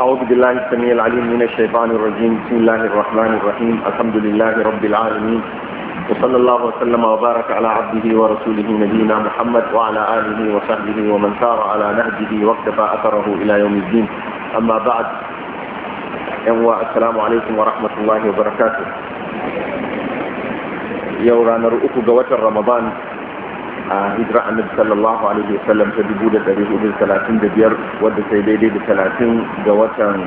أعوذ بالله السميع العليم من الشيطان الرجيم بسم الله الرحمن الرحيم الحمد لله رب العالمين وصلى الله وسلم وبارك على عبده ورسوله نبينا محمد وعلى آله وصحبه ومن سار على نهجه واقتفى أثره إلى يوم الدين أما بعد السلام عليكم ورحمة الله وبركاته يورانا رؤوك جوات رمضان a hijira annabi sallallahu alaihi wa sallam ta dubu da ɗari hudu talatin da biyar wadda sai daidai da talatin ga watan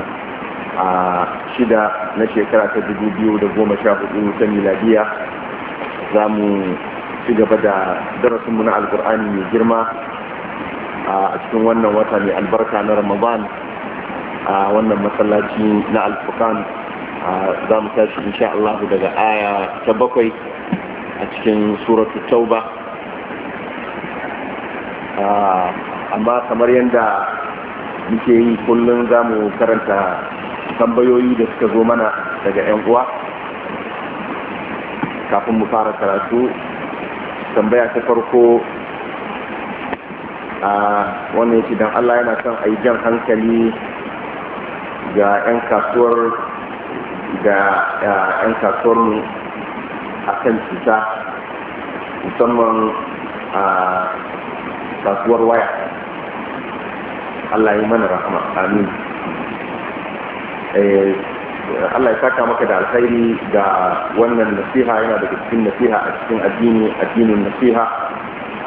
shida na shekara ta dubu biyu da goma sha hudu ta miladiya za mu ci gaba da darasinmu na alkur'ani mai girma a cikin wannan wata mai albarka na ramadan a wannan masallaci na alfukan za mu tashi insha daga aya ta bakwai a cikin suratu tauba amma kamar yadda muke yi kullum za mu karanta tambayoyi da suka zo mana daga 'yan uwa kafin mu fara karatu tambaya ta farko a wannan yake don allah yana son a yi jan hankali ga 'yan kasuwar da 'yan kasuwar mu a kan cuta musamman a kasuwar waya Allah ya mana rahama amin eh, Allah ya saka maka da alkhairi ga wannan nasiha yana daga cikin nasiha a cikin addini addinin nasiha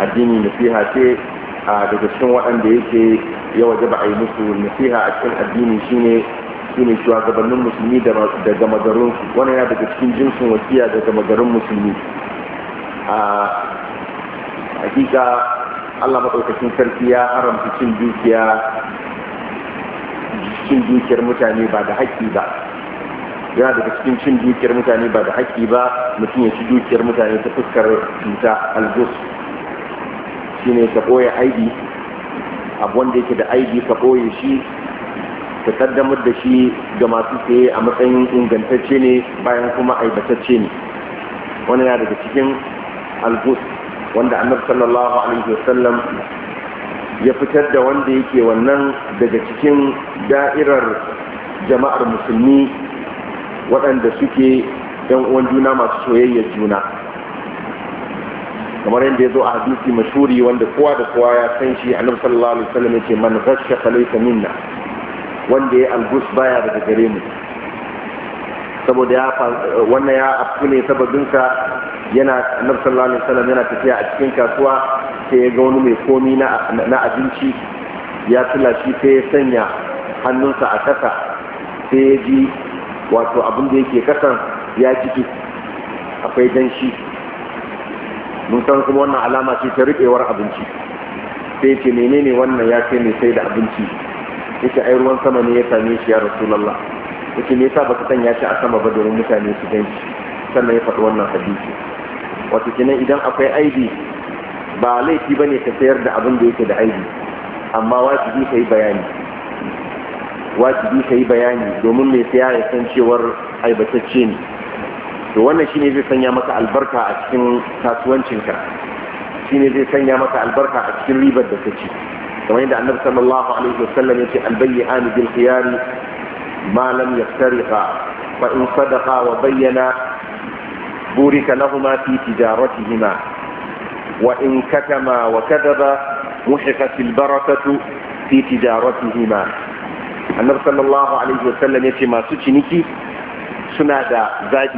addinin nasiha ce a daga cikin waɗanda yake ya wajaba a yi musu nasiha a cikin addini shine shine shugabannin musulmi da gama garin su wannan yana daga cikin jinsin wasiya da gama musulmi a hakika Allah maɗaukakin sarki ya haramta cin dukiya cin dukiyar mutane ba da haƙƙi ba yana daga cikin cin dukiyar mutane ba da haƙƙi ba mutum ya ci dukiyar mutane ta fuskar cuta algus shi ne ka ɓoye aibi abu wanda yake da aibi ka ɓoye shi ka kaddamar da shi ga masu saye a matsayin ingantacce ne bayan kuma aibatacce ne wani yana daga cikin algus wanda annabi sallallahu alaihi wasallam ya fitar da wanda yake wannan daga cikin da'irar jama'ar musulmi waɗanda suke yan uwan juna masu soyayyar juna kamar yadda ya zo a hadisi mashuri wanda kowa da kowa ya san shi annabi sallallahu alaihi wasallam yake man ghashsha falaysa minna wanda ya albus baya daga gare mu saboda ya wannan ya afku ne sababinsa yana annabi sallallahu alaihi wasallam yana tafiya a cikin kasuwa sai ya ga wani mai komi na abinci ya tula shi sai ya sanya hannunsa a kasa sai ya ji wato abin da yake kasan ya ciki akwai danshi mun san kuma wannan alama ce ta riƙewar abinci sai ce menene wannan ya kai mai sai da abinci yake ai ruwan sama ne ya same shi ya rasulullah yake me yasa baka sanya shi a sama ba domin mutane su gan shi sannan ya faɗi wannan hadisi wato kenan idan akwai aibi ba laifi ba ne ka sayar da abin da yake da aibi amma wajibi ka yi bayani wajibi ka yi bayani domin mai saya ya san cewar aibatacce ne to wannan shine zai sanya maka albarka a cikin kasuwancinka shine zai sanya maka albarka a cikin ribar da kake ci kamar yadda annabi sallallahu alaihi wasallam yace albayyi an bil khiyari ما لم يفترقا فإن صدقا وبينا بورك لهما في تجارتهما وإن كتما وكذبا محقت البركة في تجارتهما النبي صلى الله عليه وسلم يتي ما سوچنيكي suna da zaɓi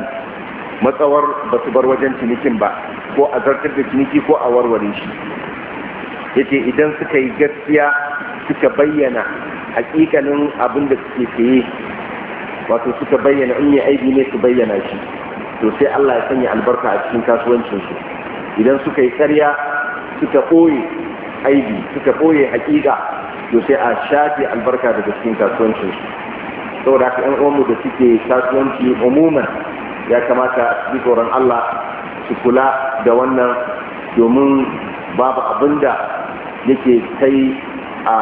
matsawar ba su bar wajen cinikin ba ko a zartar da ciniki ko a warware shi yace idan suka yi gaskiya suka bayyana hakikalin abin da suke fiye wato suka bayyana in yi aibi ne su bayyana shi to sai Allah ya sanya albarka a cikin kasuwancin su idan suka yi tsariya suka ɓoye aibi suka ɓoye hakika to sai a shafi albarka daga cikin kasuwancin su saboda haka yan uwanmu da suke kasuwanci umuman ya kamata su tsoron Allah su kula da wannan domin babu abin da yake kai a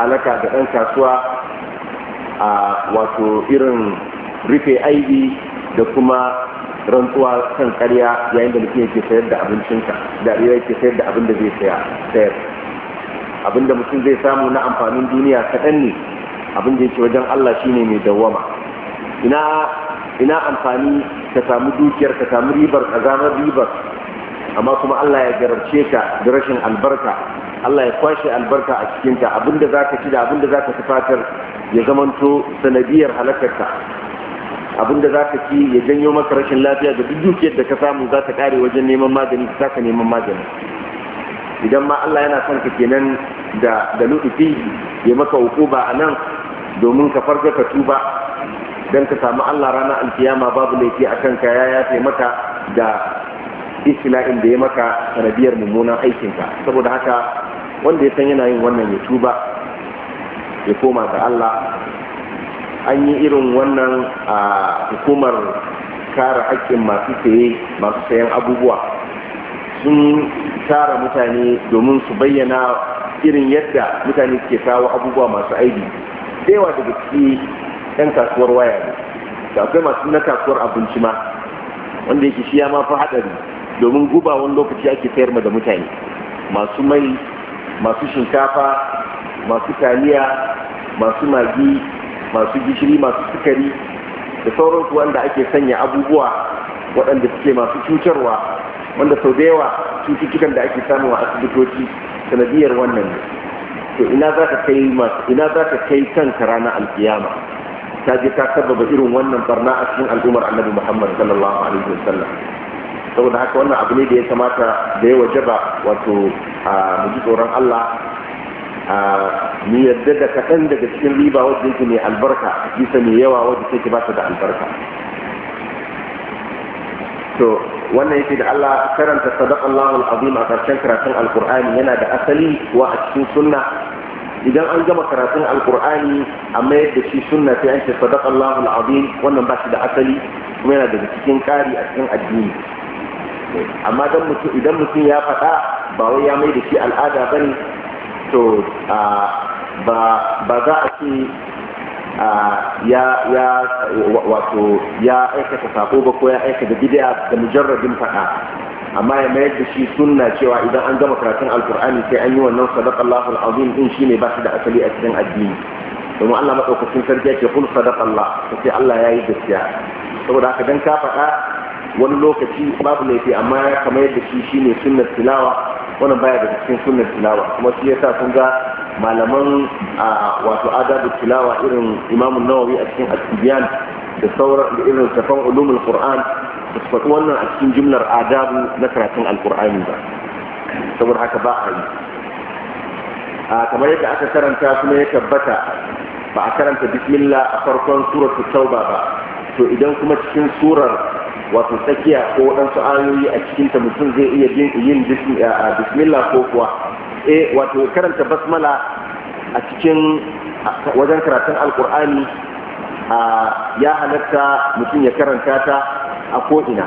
halaka da ɗan kasuwa a wato irin rufe aibi da kuma rantsuwa kan karya yayin da mutum yake sayar da abincinka da yake sayar da abin da zai sayar abin da mutum zai samu na amfanin duniya kaɗan ne abin da yake wajen Allah shine mai dawwama ina ina amfani ka samu dukiyar ka samu ribar ka zama ribar amma kuma Allah ya garabce ka da rashin albarka Allah ya kwashe albarka a cikinta abinda za ka ci da abinda za ka tufatar ya zamanto sanadiyar halakarka abinda za ka ci ya janyo maka rashin lafiya da duk dukiyar da ka samu za ta kare wajen neman magani za ka neman magani idan ma Allah yana son ka kenan da da lutufi ya maka hukuba a nan domin ka farga ka tuba dan ka samu Allah rana alkiyama babu laifi akan ka ya yafe maka da isla'in da ya maka sanadiyar mummunan aikinka saboda haka wanda ya san yana yin wannan ya tuba ya koma ga Allah an yi irin wannan a hukumar kare hakkin masu saye masu sayan abubuwa sun tara mutane domin su bayyana irin yadda mutane ke kawo abubuwa masu aibi daya daga ciki 'yan kasuwar waya ne da akwai masu na kasuwar abinci ma wanda yake shi ya ma fi haɗari domin guba wani lokaci ake sayar ma da mutane masu mai masu shinkafa masu taliya masu magi masu gishiri masu sukari da sauransu wanda ake sanya abubuwa waɗanda suke masu cutarwa wanda sau da yawa cututtukan da ake samu a asibitoci sanadiyar wannan ne to ina za ka kai masu ina za ka kai kanka ranar alkiyama ta je ta sababa irin wannan barna a cikin al'ummar annabi muhammad sallallahu alaihi wasallam saboda haka wannan abu ne da ya kamata da ya wajaba wato a ji tsoron Allah mu yadda da kaɗan daga cikin riba wadda yake mai albarka bisa mai yawa wadda take ba ta da albarka to wannan yake da Allah karanta sadaqallahu azim a karshen karatun alqur'ani yana da asali wa a cikin sunna idan an gama karatun alqur'ani a mayar da shi sunna sai an ce sadaqallahu azim wannan ba shi da asali kuma yana daga cikin ƙari a cikin addini amma mutum idan mutum ya faɗa ba wai ya mai da shi al'ada ba ne to ba za a ce ya wato ya aikata sako ba ko ya aikata bid'a da mujarradin faɗa amma ya mayar da shi sunna cewa idan an gama karatun alkur'ani sai an yi wannan sadaqallahu alazim din ne ba shi da asali a cikin addini domin Allah madaukakin sarki kun kul Allah sai Allah ya yi gaskiya saboda haka dan ka faɗa wani lokaci babu laifi amma ya kamar yadda shi shine sunnar tilawa wannan baya daga cikin sunnar tilawa kuma shi yasa kun ga malaman wato adabu tilawa irin imamun nawawi a cikin asibiyan da sauran da irin safan ulumul qur'an da su faɗi wannan a cikin jimlar adabu na karatun alqur'ani ba saboda haka ba a yi kamar yadda aka karanta kuma ya tabbata ba a karanta bismillah a farkon suratul tauba ba to idan kuma cikin surar wato tsakiya ko waɗansu ayoyi a cikinta mutum zai iya yin bismillah ko kuwa eh wato karanta basmala a cikin wajen karatun alkur'ani ya halatta mutum ya karanta ta a ko'ina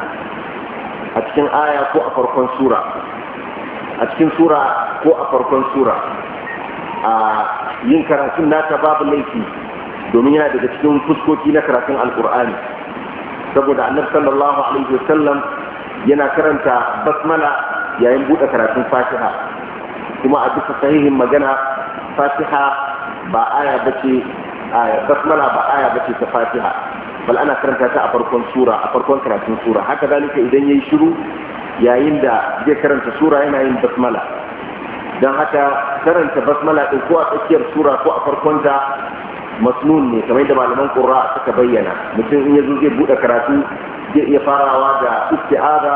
a cikin aya ko a farkon sura a cikin sura ko a farkon sura a yin karatun nata babu laifi domin yana daga cikin fuskoki na karatun alkur'ani saboda annabi sallallahu alaihi wasallam yana karanta basmala yayin buɗe karatun fatiha kuma a duka sahihin magana fatiha ba aya bace basmala ba aya bace ta fatiha bal ana karanta ta a farkon sura a farkon karatun sura haka zalika idan yayi shiru yayin da zai karanta sura yana yin basmala don haka karanta basmala ɗin ko a tsakiyar sura ko a farkonta masnun ne kamar da malaman qurra suka bayyana mutum in yazo zai bude karatu zai iya farawa da isti'aza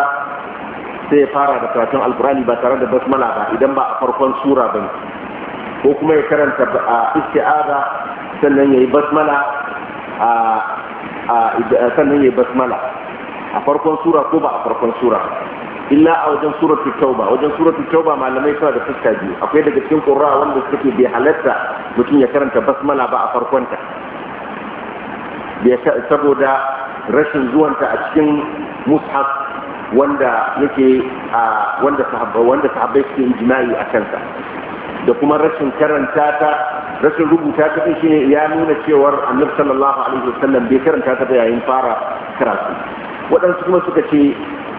sai ya fara da karatun alqur'ani ba tare da basmala ba idan ba a farkon sura bane ko kuma ya karanta a isti'aza sannan yayi basmala a sannan yayi basmala a farkon sura ko ba a farkon sura illa a wajen suratul tauba wajen suratul tauba malamai suna da fuska biyu akwai daga cikin qurra wanda suke bai halatta mutum ya karanta basmala ba a farkonta saboda rashin zuwanta a cikin mushaf wanda yake a wanda sahabbai wanda sahabbai suke jima'i a kansa da kuma rashin karanta ta rashin rubuta ta din shine ya nuna cewar annabi sallallahu alaihi wasallam bai karanta ta yayin fara karatu waɗansu kuma suka ce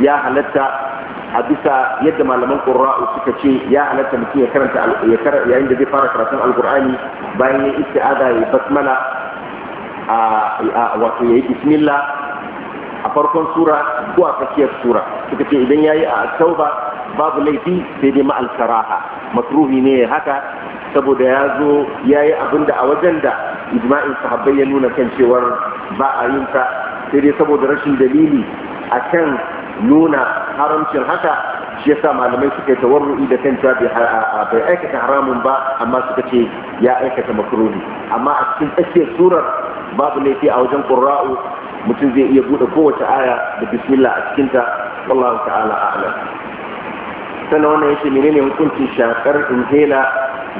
ya halatta a bisa yadda malaman ƙura'u suka ce ya halatta mutum ya karanta yayin da zai fara karatun alƙur'ani bayan ya isti'aza ya basmala a wato ya yi bismillah a farkon sura ko a tsakiyar sura suka ce idan ya yi a tauba babu laifi sai dai ma'al saraha ne haka saboda ya zo ya yi abin da a wajen da ijma'in sahabbai ya nuna kan cewar ba a yinsa sai dai saboda rashin dalili a kan nuna haramcin haka shi yasa malamai suka yi tawarru'i da kan cewa bai aikata haramun ba amma suka ce ya aikata makruhi amma a cikin tsakiyar surar babu laifi a wajen qurra'u mutum zai iya buɗe kowace aya da bismillah a cikin ta wallahu ta'ala a'lam sannan wannan yake menene hukuncin shakar inhaler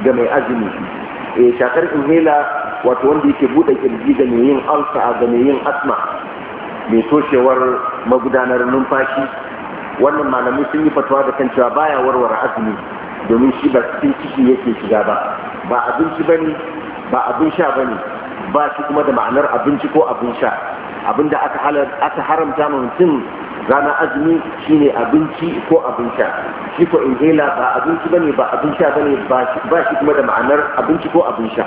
ga mai azumi eh shakar inhela wato wanda yake buɗe kirji ga mai yin alsa ga mai yin asma mai toshewar magudanar numfashi wannan malami sun yi fatawa da kan cewa baya warware azumi domin shi ba cikin ciki yake shiga ba ba abinci ne ba abin sha bane ba shi kuma da ma'anar abinci ko abin sha abinda aka aka haramta ma mutum rana azumi shine abinci ko abin sha shi ko inhaler ba abinci bane ba abin sha bane ba shi kuma da ma'anar abinci ko abin sha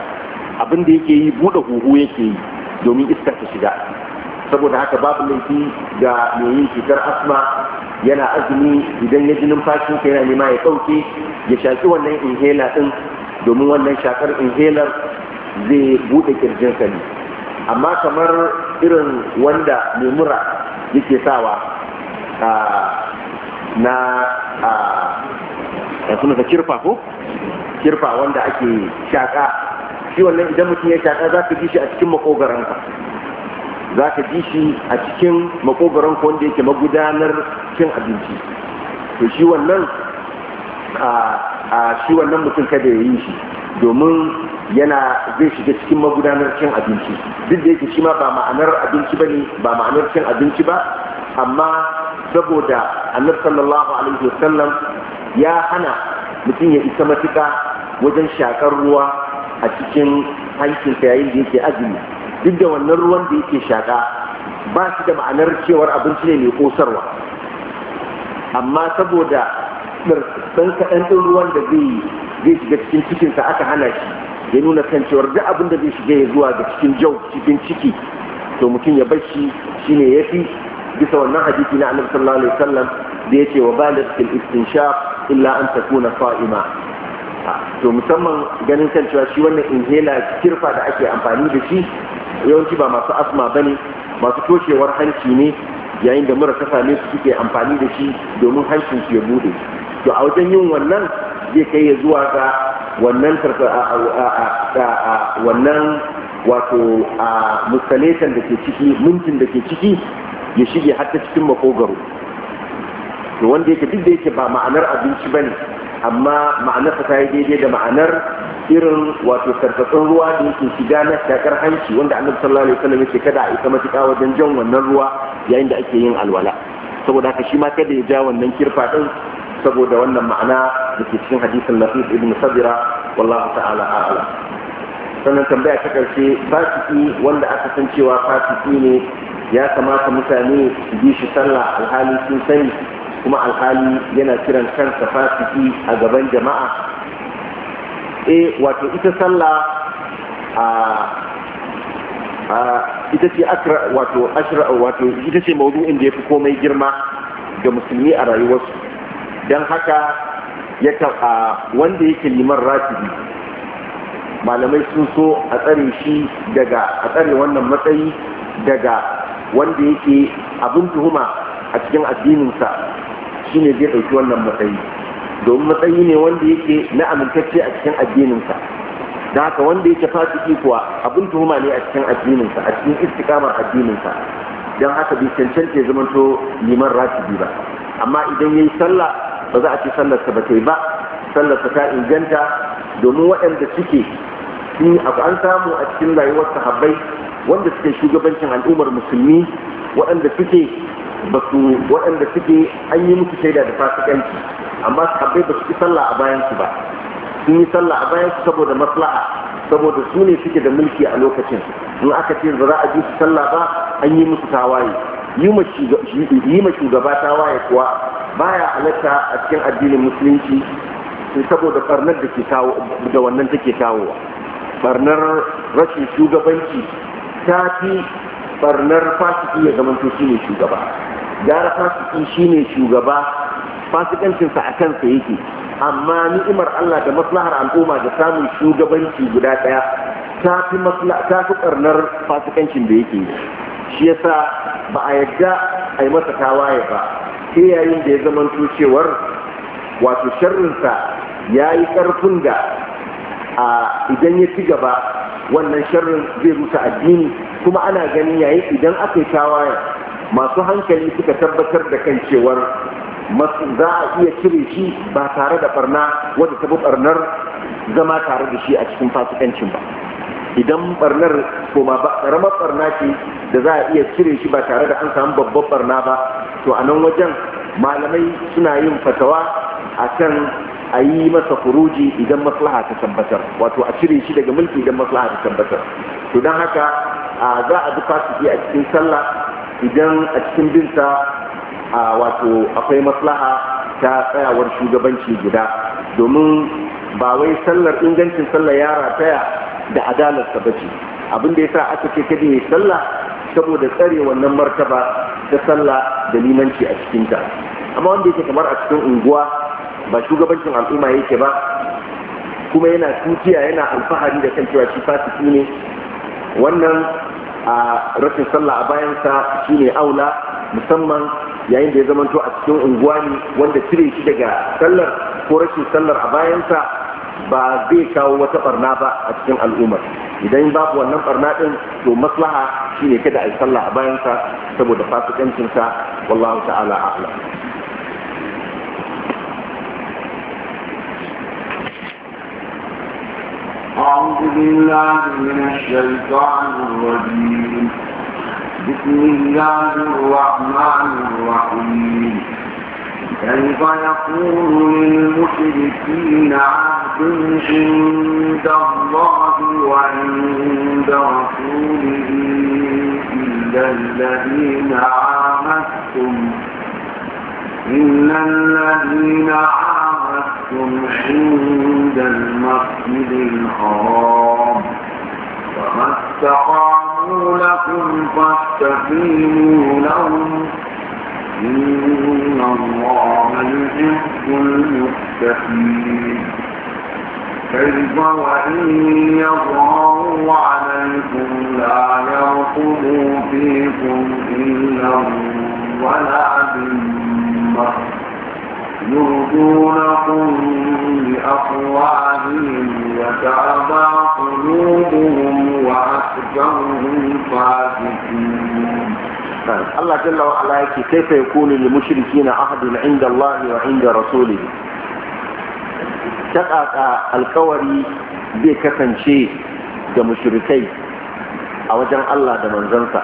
abin da yake yi buɗe huhu yake yi domin iska ta shiga saboda haka babu laifi ga mai yin cutar asma yana azumi idan ya ji ka yana nema ya ɗauke ya shaƙi wannan inhela ɗin domin wannan shakar inhaler zai buɗe ƙirjinsa ne amma kamar irin wanda mai mura yake sawa na a suna ta kirfa ko kirfa wanda ake shaƙa shi wannan idan mutum ya shaƙa za ka ji shi a cikin makogaranka za ka ji shi a cikin makogaron ko wanda yake magudanar cin abinci to shi wannan a shi wannan mutum kada ya yi shi domin yana zai shiga cikin magudanar cin abinci duk da yake shi ma ba ma'anar abinci ba ne ba ma'anar cin abinci ba amma saboda annabi sallallahu alaihi wasallam ya hana mutum ya isa matuka wajen shakar ruwa a cikin hankinsa yayin da yake azumi duk da wannan ruwan da yake shaƙa ba su da ma'anar cewar abinci ne mai kosarwa amma saboda ɗan kaɗan ɗin ruwan da zai zai shiga cikin cikinsa aka hana shi ya nuna kan cewar duk abin da zai shiga ya zuwa ga cikin jau cikin ciki to mutum ya bar shi shine ya fi bisa wannan hadisi na annabi sallallahu alaihi wasallam da ce wa baligh fil istinshaq illa an takuna sa'ima to musamman ganin kan cewa shi wannan inhaler kirfa da ake amfani da shi yawanci ba masu asma ba ne masu toshewar hanci ne yayin da mura kasa ne su suke amfani da shi domin hancin su ya bude to a wajen yin wannan zai kai ya zuwa ga wannan wannan wato a musalatan da ke ciki mintin da ke ciki ya shige har cikin makogaro to wanda yake duk da yake ba ma'anar abinci bane amma ma'anarsa ta yi daidai da ma'anar irin wato tartatsun ruwa da yake shiga na shakar hanci wanda annabi sallallahu alaihi wasallam yake kada a isa matuƙa wajen jan wannan ruwa yayin da ake yin alwala saboda haka shi ma kada ya ja wannan kirfa din saboda wannan ma'ana da ke cikin hadisin Nafis ibn Sabira wallahu ta'ala a'lam sannan tambaya ta karshe fasiki wanda aka san cewa fasiki ne ya kamata mutane su bi shi sallah alhali sun sani kuma alhali yana kiran kansa fasiki a gaban jama'a eh wato ita sallah a ita ce akra wato ashra wato ita ce mawdu'in da yafi komai girma ga musulmi a rayuwarsu don haka ya a wanda yake liman ratibi malamai sun so a tsare shi daga a tsare wannan matsayi daga wanda yake abin tuhuma a cikin addininsa shine zai ɗauki wannan matsayi domin matsayi ne wanda yake na amintacce a cikin addininsa da haka wanda yake fasiki kuwa abin tuhuma ne a cikin addininsa a cikin istikamar addininsa don haka bai cancanta ya zamanto liman ratibi ba amma idan ya yi sallah ba za a ce sallarsa ba ta yi ba sallarsa ta inganta domin waɗanda suke sun an samu a cikin rayuwar sahabbai wanda suke shugabancin al'ummar musulmi waɗanda suke ba su waɗanda suke an yi musu shaida da fasikanci amma sahabbai ba su ki sallah a bayan su ba sun yi sallah a bayan su saboda maslaha saboda su ne suke da mulki a lokacin in aka ce za a ji su sallah ba an yi musu tawaye yi ma shugaba tawaye kuwa baya halatta a cikin addinin musulunci saboda barnar da ke kawo da wannan take kawowa barnar rashin shugabanci ta fi barnar fasiki ya zama to ne shugaba gara shi ne shugaba fasikancinsa a kansa yake amma ni'imar Allah da maslahar al'umma da samun shugabanci guda ɗaya ta fi ta fasikancin da yake shi yasa ba a yadda a yi masa tawaye ba sai yayin da ya zamanto cewar wato sharrinsa ya yi ƙarfin da idan ya ci gaba wannan sharrin zai rusa addini kuma ana ganin yayin idan aka yi tawaye masu hankali suka tabbatar da kan cewar za a iya cire shi ba tare da barna wadda ta bi barnar zama tare da shi a cikin fasikancin ba idan barnar koma ba ƙaramar barna ce da za a iya cire shi ba tare da an samu babbar barna ba to a nan wajen malamai suna yin fatawa a kan a yi masa kuruji idan maslaha ta tabbatar wato a cire shi daga mulki idan maslaha ta tabbatar to don haka za a bi fasiki a cikin sallah idan a cikin binsa a wato akwai maslaha ta tsayawar shugabanci guda domin ba wai sallar ingancin sallar yara taya da adalarsa ba ce abin da ya sa aka ce kada sallah saboda tsare wannan martaba ta sallah da limanci a cikinta amma wanda yake kamar a cikin unguwa ba shugabancin al'umma yake ba kuma yana tutiya yana alfahari da kan cewa shi fasiki ne wannan a rashin sallah a bayansa shine aula musamman yayin da ya zamanto a cikin unguwa ne wanda cire shi daga sallar ko rashin sallar a bayansa ba zai kawo wata barna ba a cikin al'ummar idan babu wannan barna din to maslaha shine kada a yi sallah a bayansa saboda fasikancinsa wallahu ta'ala a'lam أعوذ بالله من الشيطان الرجيم بسم الله الرحمن الرحيم كيف يقول للمشركين عهد عند الله وعند رسوله إلا الذين عاهدتم إلا الذين عاهدتم وقفتم عند المسجد الحرام فما استقاموا لكم فاستقيموا لهم إن الله يحب المستقيم كيف وإن يظهروا عليكم لا يرقبوا فيكم إلا ولا ذمة يرجونكم بأفواههم وتعبى قلوبهم وأكثرهم فاسقين الله جل وعلا كيف يكون للمشركين عهد عند الله وعند رسوله تقاطع الكوري بكفن شيء da mushrikai a wajen Allah da manzansa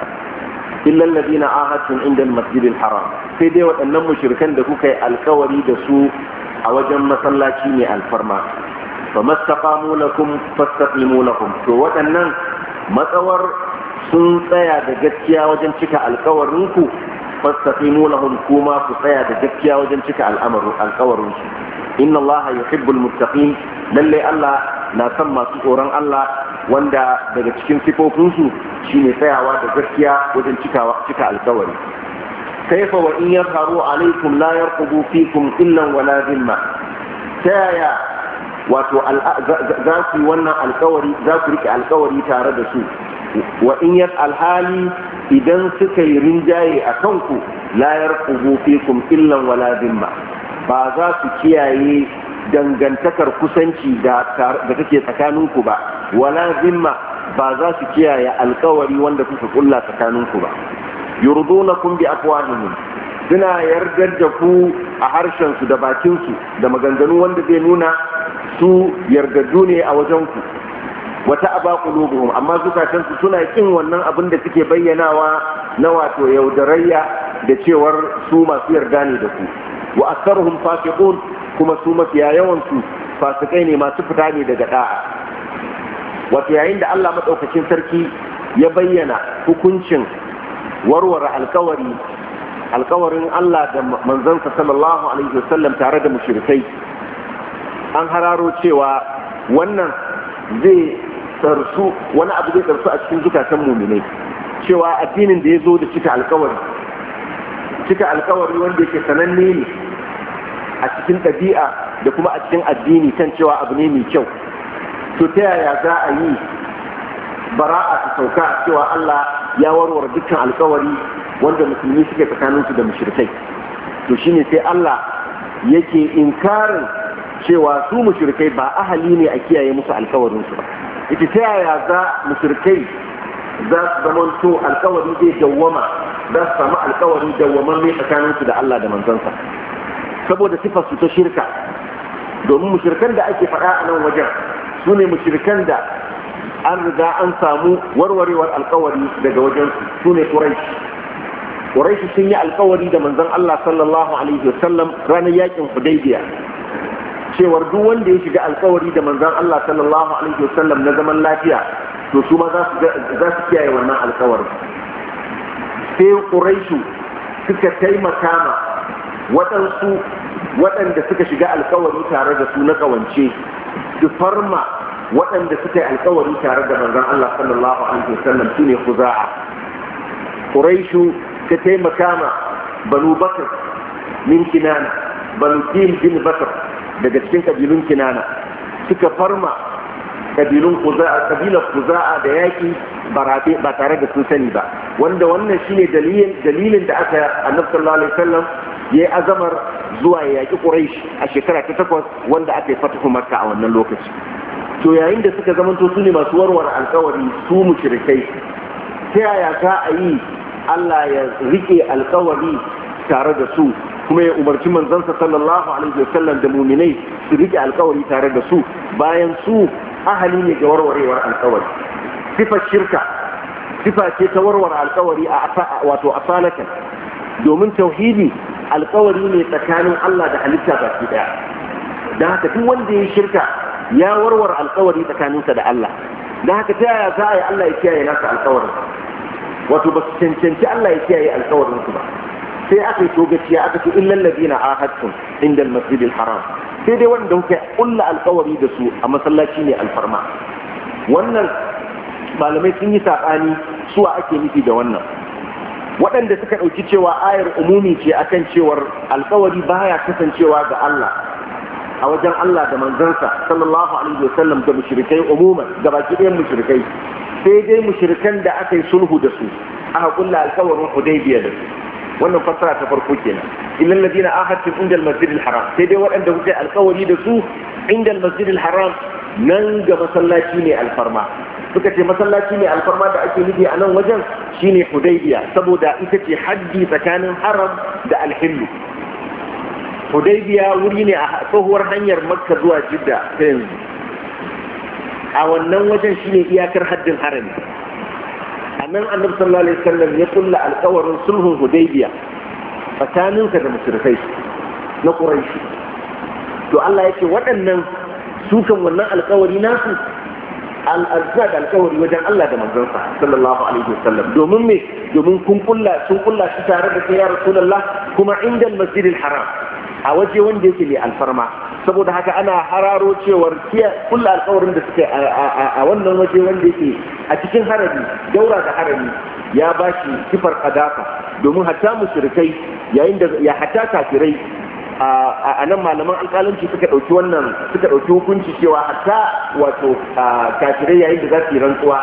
illa alladhina ahadtum inda al-masjid al-haram sai dai waɗannan mushrikan da kuka yi alkawari da su a wajen masallaci ne alfarma famastaqamu lakum fastaqimu lakum to waɗannan matsawar sun tsaya da gaskiya wajen cika ku? fastaqimu lahum kuma ku tsaya da gaskiya wajen cika al'amarin alƙawarin su inna allaha yuhibbul muttaqin lalle allah na san masu tsoron allah wanda daga cikin sifofin su shine tsayawa da gaskiya wajen cika cika alƙawari kaifa wa in yadharu alaikum la yarqubu fikum illa wala zimma taya wato za ku wannan alƙawari za ku rike alƙawari tare da su wa in yas alhali idan suka yi rinjaye a kanku la yarqubu fikum illan wala dimma ba za su kiyaye dangantakar kusanci da take take tsakaninku ba wala zimma ba za su kiyaye alkawari wanda kuka kulla tsakaninku ba yurdunakum bi afwahihim suna yardar da ku a harshensu da bakinsu da maganganu wanda zai nuna su yardaddu ne a wajen ku. wata aba kulubuhum amma su suna kin wannan abin da suke bayyanawa na wato yaudarayya da cewar su masu yarda ne da ku wa aktharuhum fasiqun kuma su mafiya yawan su fasikai ne masu fita ne daga da'a wato yayin da Allah madaukakin sarki ya bayyana hukuncin warware alkawari alkawarin Allah da manzansa sallallahu alaihi wasallam tare da mushrikai an hararo cewa wannan zai sarsu wani abu zai tsarsu a cikin zukatan muminai cewa addinin da ya zo da cika alkawari cika alkawari wanda yake sananne ne a cikin ɗabi'a da kuma a cikin addini kan cewa abu ne mai kyau to ta yaya za a yi bara'a ta sauka a cewa Allah ya warware dukkan alkawari wanda musulmi suke tsakaninsu da mushrikai to shine sai Allah yake inkarin cewa su mushrikai ba ahali ne a kiyaye musu alkawarinsu ba ita ta yaya za musulkai za su zamanto alkawari zai dawwama za su samu alkawari dawwaman mai tsakaninsu da Allah da manzansa saboda sifar su ta shirka domin mushirkan da ake faɗa a nan wajen su ne mushirkan da an riga an samu warwarewar alkawari daga wajen su ne quraish quraish sun yi alkawari da manzan Allah sallallahu alaihi wasallam ranar yakin hudaybiya cewar duk wanda ya shiga alkawari da manzon Allah sallallahu alaihi wasallam na zaman lafiya to su ma za su kiyaye wannan alkawari sai quraishu suka taimaka ma waɗansu waɗanda suka shiga alkawari tare da su na ƙawance su farma waɗanda suka yi alkawari tare da manzon Allah sallallahu alaihi wasallam shine Khuza'a Quraishu taimaka ma Banu Bakr min Kinana Banu Kim bin Bakr daga cikin kabilun kinana suka farma kabilun kuza'a kabilar kuza'a da yaƙi barabe ba tare da sun sani ba wanda wannan shine dalilin dalilin da aka annabi sallallahu alaihi wasallam yayi azamar zuwa yaƙi quraish a shekara ta takwas wanda aka yi fatahu makka a wannan lokaci to yayin da suka zamanto su ne masu warware alkawari su mushrikai ta yaya za a yi Allah ya rike alkawari tare da su kuma ya umarci manzansa sallallahu alaihi wa wasallam da muminai su rike alkawari tare da su bayan su ahali ne ga warwarewar alkawari Sifa shirka sifa ce ta warware alkawari a wato asalatan domin tauhidi alkawari ne tsakanin Allah da halitta ba baki daya don haka duk wanda ya shirka ya warware alkawari tsakaninsa da Allah don haka ta yaya za a yi Allah ya kiyaye nasa alkawarin wato ba su cancanci Allah ya kiyaye alkawarin su ba sai aka yi togaciya aka ce illal ladina ahadtum inda al haram sai dai wanda kuka kulla alkawari da su a masallaci ne alfarma wannan malamai sun yi saɓani suwa ake nufi da wannan waɗanda suka ɗauki cewa ayar umumi ce akan cewar alkawari baya kasancewa ga Allah a wajen Allah da manzansa sallallahu alaihi wasallam da mushrikai umuman da baki ɗayan mushrikai sai dai mushrikan da aka yi sulhu da su aka kulla alkawarin hudaybiya da su wannan fassara ta farko kenan illal ladina ahadtum inda al-masjid al-haram sai dai waɗanda kuka yi alƙawari da su inda al-masjid haram nan ga masallaci ne alfarma suka ce masallaci ne alfarma da ake nufi a nan wajen shine hudaybiya saboda ita ce haddi tsakanin haram da alhillu hudaybiya wuri ne a tsohuwar hanyar makka zuwa jidda ta yanzu a wannan wajen shine iyakar haddin harami nan annabi sallallahu alaihi wasallam ya kulla alƙawarin sulhun hudaybiya tsakaninsa da musulmai na quraishi to Allah yake waɗannan sukan wannan alƙawari nasu al'azza da alƙawari wajen Allah da manzansa sallallahu alaihi wasallam domin me domin kun kulla sun kulla shi tare da kai ya rasulullah kuma inda al-masjidil haram a waje wanda yake mai alfarma saboda haka ana hararo cewar kulla alkawarin da suka a wannan waje wanda yake a cikin harami daura da harami ya ba shi kifar kadafa domin hatta musirkai yayin da ya hatta kafirai a nan malaman alƙalanci suka ɗauki wannan suka ɗauki hukunci cewa hatta wato kafirai yayin da za su yi rantsuwa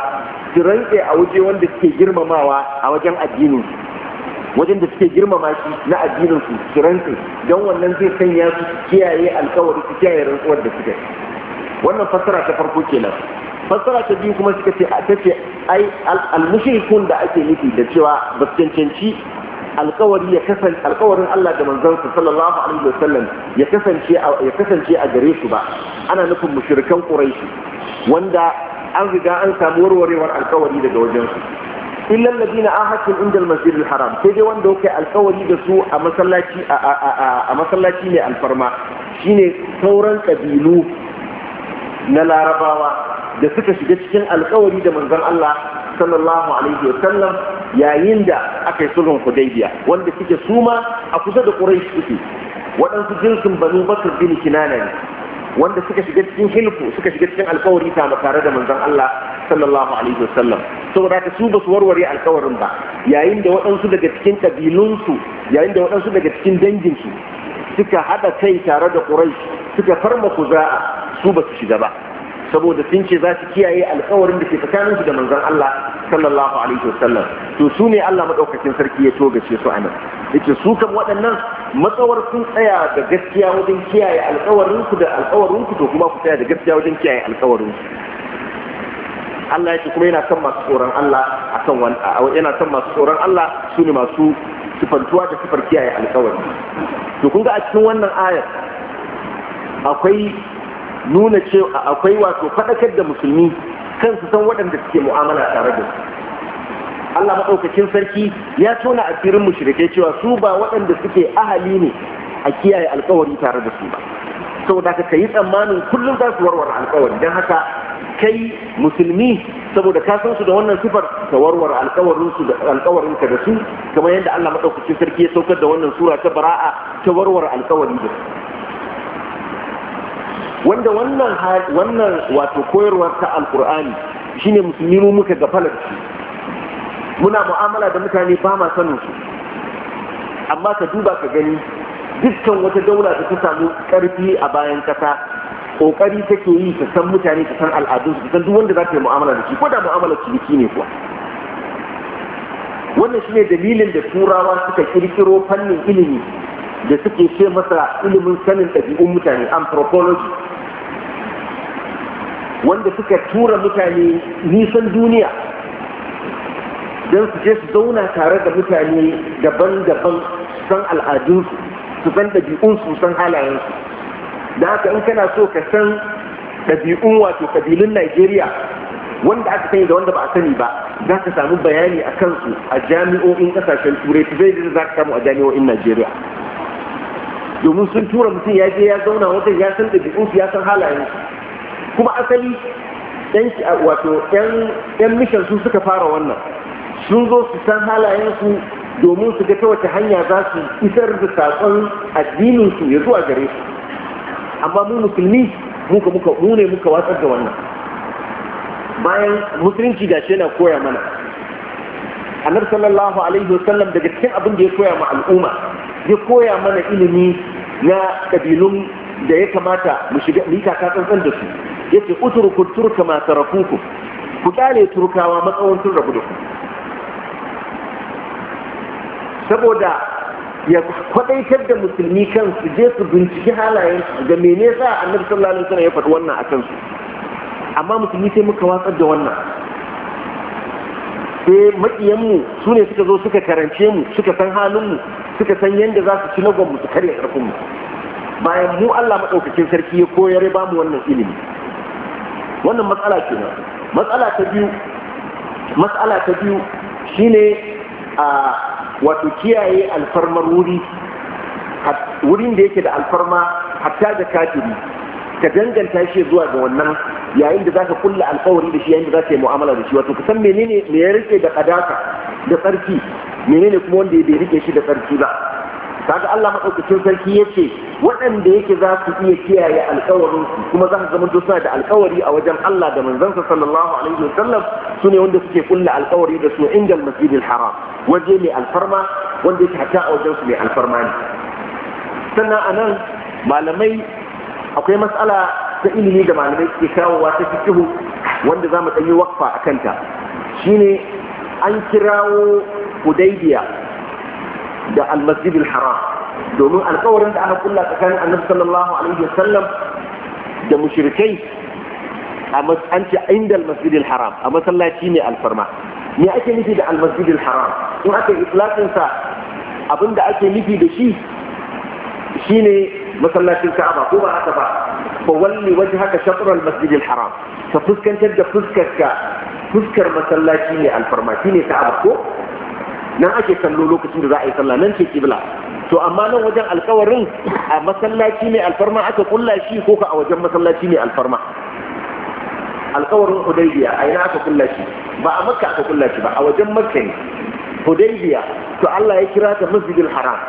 su rantse a waje wanda suke girmamawa a wajen addinin wajen da suke girmama shi na addinin su kiransu don wannan zai sanya su kiyaye alkawari su kiyaye rantsuwar da suke wannan fassara ta farko kenan fassara ta biyu kuma suka ce ta ce ai almushrikun da ake nufi da cewa ba su cancanci alkawari ya kasance alkawarin Allah da sa sallallahu alaihi wasallam ya kasance ya kasance a gare su ba ana nufin mushrikan quraishi wanda an riga an samu warwarewar alkawari daga wajen su illal ladina ahadun inda al-masjid al-haram sai dai wanda yi alkawari da su a masallaci a masallaci ne alfarma shine sauran kabilu na larabawa da suka shiga cikin alkawari da manzon Allah sallallahu alaihi wa sallam yayin da aka yi sulhun hudaybiya wanda suke suma a kusa da quraish suke waɗansu jinsin banu bakr bin kinana wanda suka shiga cikin hilfu suka shiga cikin alkawari tare da manzon Allah sallallahu alaihi wasallam saboda ka su ba su warware alkawarin ba yayin da waɗansu daga cikin kabilunsu yayin da waɗansu daga cikin danginsu suka hada kai tare da Quraysh suka farma kuza'a su ba su shiga ba saboda sun ce za su kiyaye alkawarin da ke tsakanin su da manzon Allah sallallahu alaihi wasallam to su ne Allah madaukakin sarki ya togace su anan yace su kan waɗannan matsawar sun tsaya da gaskiya wajen kiyaye alkawarin ku da alkawarin ku to kuma ku tsaya da gaskiya wajen kiyaye alkawarin ku Allah yake kuma yana son masu tsoron Allah akan wani yana son masu tsoron Allah su ne masu sifantuwa da sifar kiyaye alkawari to kun ga a cikin wannan ayar akwai nuna cewa akwai wato faɗakar da musulmi kan su san waɗanda suke mu'amala tare da su Allah maɗaukakin sarki ya tona a firin mushrikai cewa su ba waɗanda suke ahali ne a kiyaye alkawari tare da su ba saboda ka yi tsammanin kullum za su warware alkawari don haka kai musulmi saboda ka san su da wannan sifar ka warware alkawarin ka da su kamar yadda Allah maɗaukakin sarki ya saukar da wannan sura ta bara'a ta warware alkawari da su wanda wannan wannan wato koyarwar ta alkur'ani shine musulmi mu muka ga shi muna mu'amala da mutane ba ma sanin su amma ka duba ka gani dukkan wata daula da ta samu karfi a bayan kasa kokari take yi ta san mutane ta san al'adun su san duk wanda za ta yi mu'amala da shi ko da mu'amala biki ne kuwa wannan shine dalilin da turawa suka kirkiro fannin ilimi da suke ce masa ilimin sanin ɗabi'un mutane anthropology wanda suka tura mutane nisan duniya don su je su zauna tare da mutane daban-daban san al'adunsu su san ɗabi'unsu san halayensu da haka in kana so ka san ɗabi'un wato ƙabilun Najeriya wanda aka sani da wanda ba a sani ba za ka samu bayani a kansu a jami'o'in ƙasashen turai zai da za ka samu a jami'o'in Najeriya domin sun tura mutum ya je ya zauna wajen ya san ɗabi'unsu ya san halayensu kuma asali yan wato yan mishan su suka fara wannan sun zo su san halayensu domin su ga ta wace hanya za su isar da saƙon addininsu ya zuwa gare su amma mu musulmi muka muka mu muka watsar da wannan bayan musulunci da shi yana koya mana annabi sallallahu alaihi wasallam daga cikin abin da ya koya ma al'umma ya koya mana ilimi na kabilun da ya kamata mu shiga mu kaka tsantsan da su yace uturku turka ma tarakuku ku kyale turkawa matsawon sun rabu da ku saboda ya kwadaitar da musulmi kan su je su binciki halayen ga mene sa annabi sallallahu alaihi wasallam ya faɗi wannan a kansu amma musulmi sai muka watsar da wannan sai makiyanmu su ne suka zo suka karance mu suka san halin mu suka san yadda za su ci nagon mu su karya karfin mu bayan mu Allah maɗaukakin sarki ya koyar ba mu wannan ilimi wannan matsala nan matsala ta biyu matsala ta biyu shine a wato kiyaye alfarmar wuri wurin da yake da alfarma hatta da kafiri ka danganta shi zuwa ga wannan yayin da zaka kulla alkawari da shi yayin da zaka yi mu'amala da shi wato kusan san menene me ya rike da kadaka da tsarki menene kuma wanda bai rike shi da tsarki ba kaga Allah madaukakin sarki yace waɗanda yake za su iya kiyaye alƙawarin su kuma za su zama suna da alƙawari a wajen Allah da manzansa sallallahu alaihi wasallam sune wanda suke kulla alƙawari da su inda al haram waje mai alfarma wanda yake hata a wajen su mai alfarma ne sannan anan malamai akwai mas'ala ta ilimi da malamai suke kawowa ta fikihu wanda za mu ɗanyi wakfa a kanta shine an kirawo hudaybiya da almasjidil haram domin alkawarin da aka kulla tsakanin annabi sallallahu alaihi wasallam da mushrikai an ce inda almasjidil haram a masallaci ne alfarma me ake nufi da almasjidil haram in aka yi sa abinda ake nufi da shi shine masallacin ka'aba ko ba haka ba fa walli wajhaka shatr almasjidil haram ka fuskantar da fuskarka fuskar masallaci ne alfarma shine ka'aba ko nan ake kallo lokacin da za a yi sallah nan ce kibla to amma nan wajen alkawarin a masallaci mai alfarma aka kulla shi ko ka a wajen masallaci mai alfarma alkawarin hudaybiya a ina aka kulla shi ba a makka aka kulla shi ba a wajen makka ne hudaybiya to Allah ya kira ta masjidil haram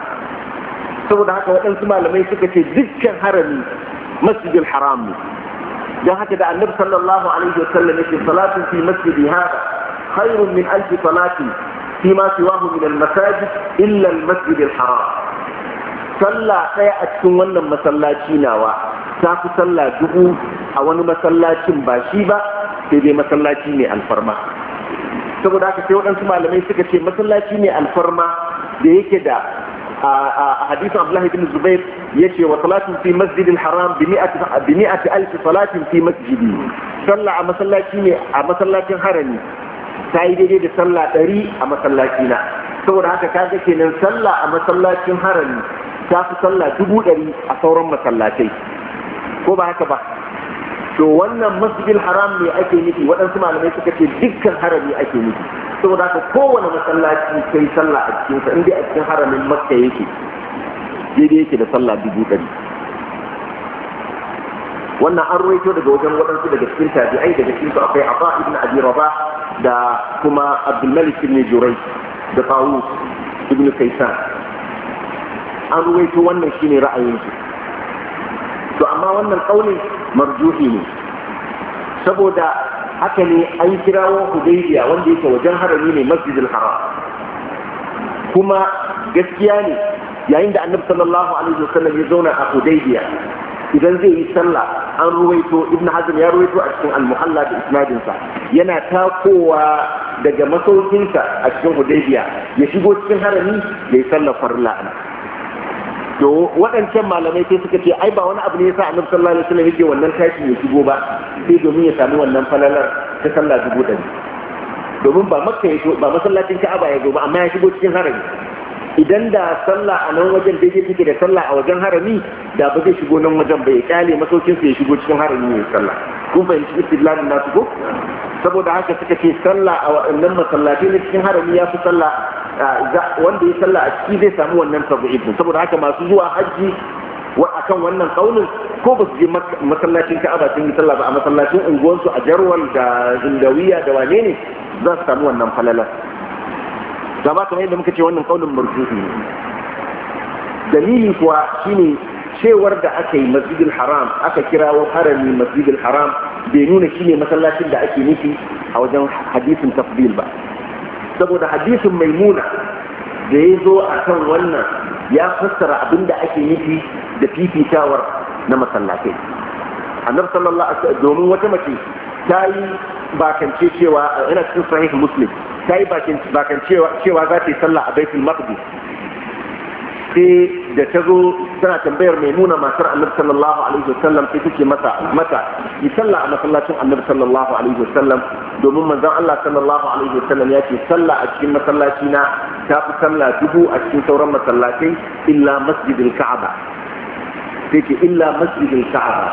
saboda haka waɗansu malamai suka ce dukkan harami masjidil haram ne don haka da annabi sallallahu alaihi wa wasallam yake salatu fi masjidi hada khairun min alfi salati فيما سواه من المساجد إلا المسجد الحرام صلى سيا أتكون ون مسلاتي نوا dubu صلى wani أو ون مسلاتي باشيبا تبي masallaci مي الفرما saboda haka sai waɗansu malamai suka ce masallaci ne alfarma da yake da a hadisin Abdullahi bin Zubair ce wa salatun fi masjidil haram bi mi'ati bi mi'ati alf fi masjidi sallah a masallaci masallacin harami ta yi daidai da sallah ɗari a masallaci na saboda haka kaga kenan sallah a masallacin harami ta fi sallah dubu ɗari a sauran masallacai ko ba haka ba to wannan masjidil haram ne ake nufi waɗansu malamai suka ce dukkan harami ake nufi saboda haka kowane masallaci sai sallah a cikinsa in dai a cikin haramin makka yake daidai yake da sallah dubu ɗari wannan an ruwaito daga wajen waɗansu daga cikin tabi'ai daga cikin su akwai Abba ibn Abi Rabah da kuma Abdul Malik ibn Jurai da Tawus ibn Kaysan an ruwaito wannan shine ra'ayin su to amma wannan kaulin marjuhi ne saboda haka ne an kirawo Hudaybiya wanda yake wajen harami ne Masjidil Haram kuma gaskiya ne yayin da Annabi sallallahu alaihi wasallam ya zauna a Hudaybiya idan zai yi sallah an ruwaito ibn hazm ya ruwaito a cikin al-muhalla da sa, yana takowa daga masaukinsa a cikin hudaybiya ya shigo cikin harami ya yi sallar farilla ana to waɗancan malamai sai suka ce ai ba wani abu ne yasa annabi sallallahu alaihi wasallam yake wannan tashi ya shigo ba sai domin ya sami wannan falalar ta sallah dubu ɗari domin ba makka ya ba masallacin ka'aba ya zo ba amma ya shigo cikin harami idan da sallah a nan wajen daidai take da sallah a wajen harami da ba zai shigo nan wajen ba ya kyale masaukin su ya shigo cikin harami ya sallah kun fahimci na nasu ko saboda haka suka ce sallah a wannan masallatai na cikin harami ya fi sallah wanda ya sallah a ciki zai samu wannan tabu'in saboda haka masu zuwa hajji wa akan wannan kaunin ko ba su je masallacin ka'aba sun yi sallah ba a masallacin unguwansu a jarwal da zindawiya da wane ne za su samu wannan falalar gama kamar yadda muka ce wannan kaulin marjuhi ne dalili kuwa shine cewar da aka yi masjidil haram aka kira wa harami masjidil haram bai nuna shine masallacin da ake nufi a wajen hadisin tafdil ba saboda hadisin maimuna da ya zo a kan wannan ya fassara abin da ake nufi da fifitawar na masallatai annabi sallallahu alaihi domin wata mace ta yi bakance cewa ina cikin sahih muslim ta yi bakin cewa za ta yi sallah a baitul maqdis sai da ta zo tana tambayar mai maimuna matar annabi sallallahu alaihi wasallam sai take mata mata yi sallah a masallacin annabi sallallahu alaihi wasallam domin manzon Allah sallallahu alaihi wasallam ya ce sallah a cikin masallaci na ta fi sallah dubu a cikin sauran masallatai illa masjidil ka'aba sai ce illa masjidil ka'aba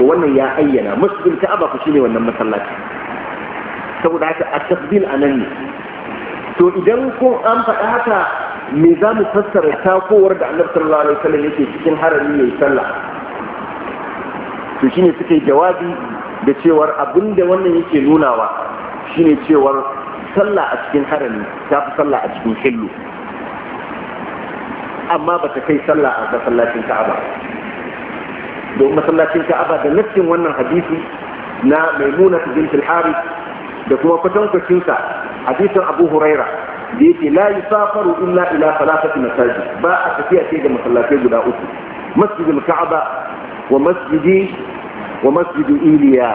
to wannan ya ayyana masjidil ka'aba ku shine wannan masallaci saboda haka a takbil a nan ne to idan ko an faɗa haka me za mu fassara takowar da annabi sallallahu alaihi wasallam yake cikin harami mai sallah to shine suke jawabi da cewar abinda wannan yake nunawa shine cewar sallah a cikin harami ta fi sallah a cikin hillu amma ba ta kai sallah a masallacin ka'aba don masallacin ka'aba da nassin wannan hadisi na maimuna bint al-harith da kuma kwatankwacin hadisin Abu Huraira da yake la safaru illa ila thalathati masajid ba a tafiya sai ga masallatai guda uku masjidul Ka'aba wa masjidi wa masjidu Iliya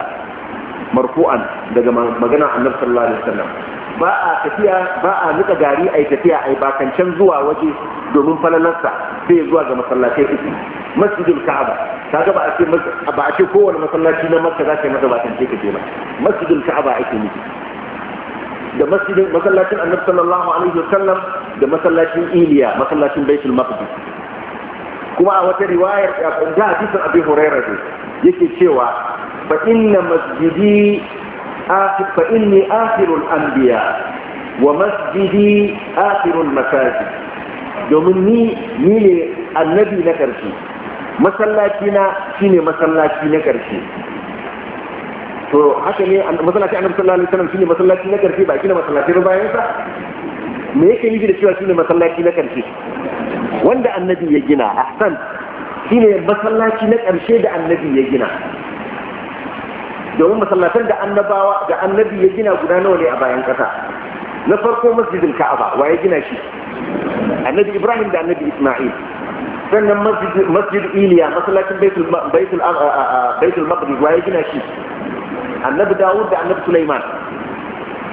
marfu'an daga magana Annabi sallallahu alaihi wasallam ba a tafiya ba a nika gari a yi tafiya a yi bakancan zuwa waje domin falalarsa sai zuwa ga masallatai uku masjidul ka'aba kaga ba a ce ba a ce kowane masallaci na makka za ka yi masa bakance ka je ba masjidul ka'aba ake nufi da masjidin masallacin annabi sallallahu alaihi wasallam da masallacin iliya masallacin baitul maqdis kuma a wata riwayar da hadisin abi hurairah yake cewa fa inna masjidi آخر فإني آخر الأنبياء ومسجدي آخر المساجد domin ni ni ne annabi na ƙarshe masallaci shine masallaci na ƙarshe to haka ne masallaci annabi sallallahu alaihi wasallam shine masallaci na ƙarshe ba shine masallaci ba bayan sa me yake yi da cewa shine masallaci na ƙarshe wanda annabi ya gina ahsan shine masallaci na ƙarshe da annabi ya gina domin masallatan da annabawa da annabi ya gina guda nawa ne a bayan kasa na farko masjidin ka'aba wa ya gina shi annabi ibrahim da annabi isma'il sannan masjid iliya masallacin baitul maqdis wa ya gina shi annabi dawud da annabi sulaiman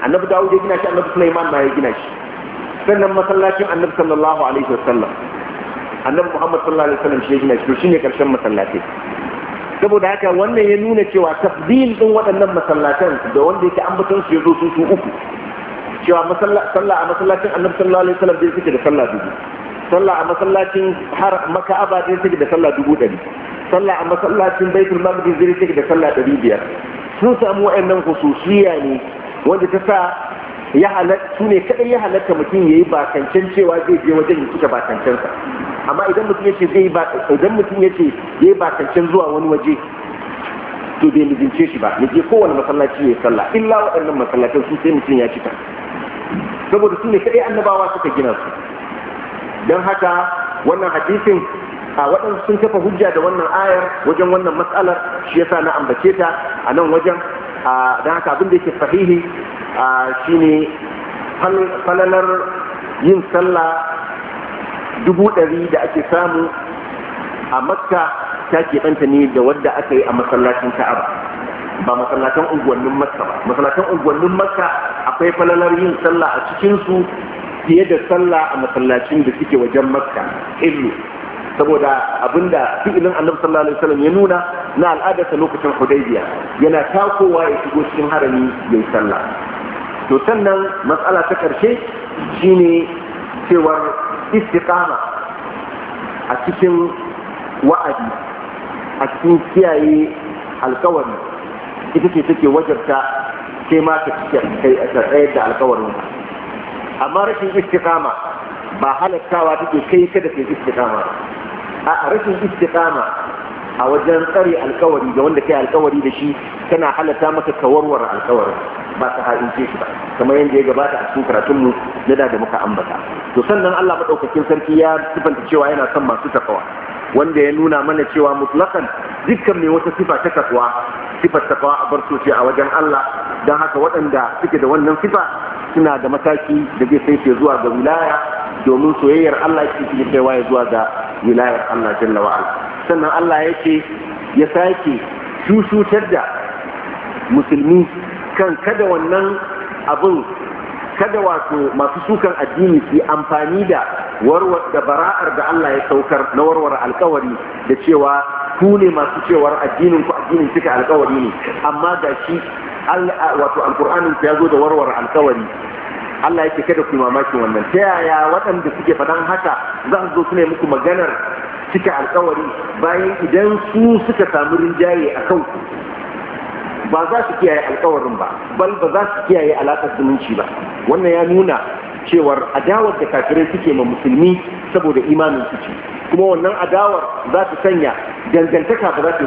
annabi dawud ya gina shi annabi sulaiman ma ya gina shi sannan masallacin annabi sallallahu alaihi wasallam annabi muhammad sallallahu alaihi wasallam shi ya gina shi to shine karshen masallatai saboda haka wannan ya nuna cewa tafdil din waɗannan masallatan da wanda yake ambaton su ya zo su su uku cewa sallah a masallacin annabi sallallahu alaihi wasallam dai suke da sallah dubu sallah a masallacin har aba dai suke da sallah dubu ɗari sallah a masallacin baitul maqdis dai suke da sallah ɗari biyar sun samu wa'annan hususiya ne wanda ta sa ya halatta su ne kadai ya halatta mutum ya yi bakancen cewa zai je wajen ya cika bakancensa amma idan mutum ce zai idan mutum yace ya yi bakancen zuwa wani waje to bai mijince shi ba ya je kowane masallaci ya yi sallah illa waɗannan masallacin su sai mutum ya cika saboda su ne kadai annabawa suka gina su don haka wannan hadisin a waɗansu sun kafa hujja da wannan ayar wajen wannan matsalar shi yasa na ambace ta a nan wajen a don haka abin da yake sahihi shi ne falalar yin sallah dubu ɗari da ake samu a makka ta keɓanta ne da wadda aka yi a masallacin ka'aba ba masallacin unguwannin makka ba masallacin unguwannin makka akwai falalar yin sallah a cikinsu fiye da sallah a masallacin da suke wajen makka illu saboda abinda fi'ilin annabi sallallahu alaihi wasallam ya nuna na al'adarsa lokacin hudaybiya yana takowa ya shigo cikin harami yayin sallah to sannan matsala ta ƙarshe shine cewar istiqama a cikin wa'adi a cikin kiyaye alkawari ita ce take wajarta sai ma ta a tsayar da alkawarin amma rashin istiqama ba halattawa take kai kada kai istiqama a rashin istiqama a wajen tsare alkawari da wanda kai alkawari da shi tana halatta maka kawarwar alkawari ba ta ha'ince shi ba kamar yadda ya gabata a cikin karatunmu na da muka ambata to sannan Allah madaukakin sarki ya sifanta cewa yana son masu takawa wanda ya nuna mana cewa mutlakan dukkan mai wata sifa ta takawa sifar takawa a bar ce a wajen Allah don haka waɗanda suke da wannan sifa suna da mataki da zai sai zuwa ga wilaya domin soyayyar Allah ke kaiwa ya zuwa ga wilayar Allah jalla wa'ala sannan Allah ya ce ya sake shushutar da musulmi kan kada wannan abin kada wato masu sukan addini su amfani da warwar bara'ar da Allah ya saukar na warware alkawari da cewa ku ne masu cewar addinin ku addinin cika alkawari ne amma ga shi wato alkur'anin ya zo da warware alkawari Allah yake kada ku mamakin wannan ta yaya waɗanda suke faɗan haka za zo su ne muku maganar Suka alkawari bayan idan su suka samu rinjaye a kan ku ba za su kiyaye alkawarin ba bal ba za su kiyaye alaƙar zumunci ba wannan ya nuna cewar adawar da kafirai suke ma musulmi saboda imanin su ce kuma wannan adawar za ta sanya dangantaka ba za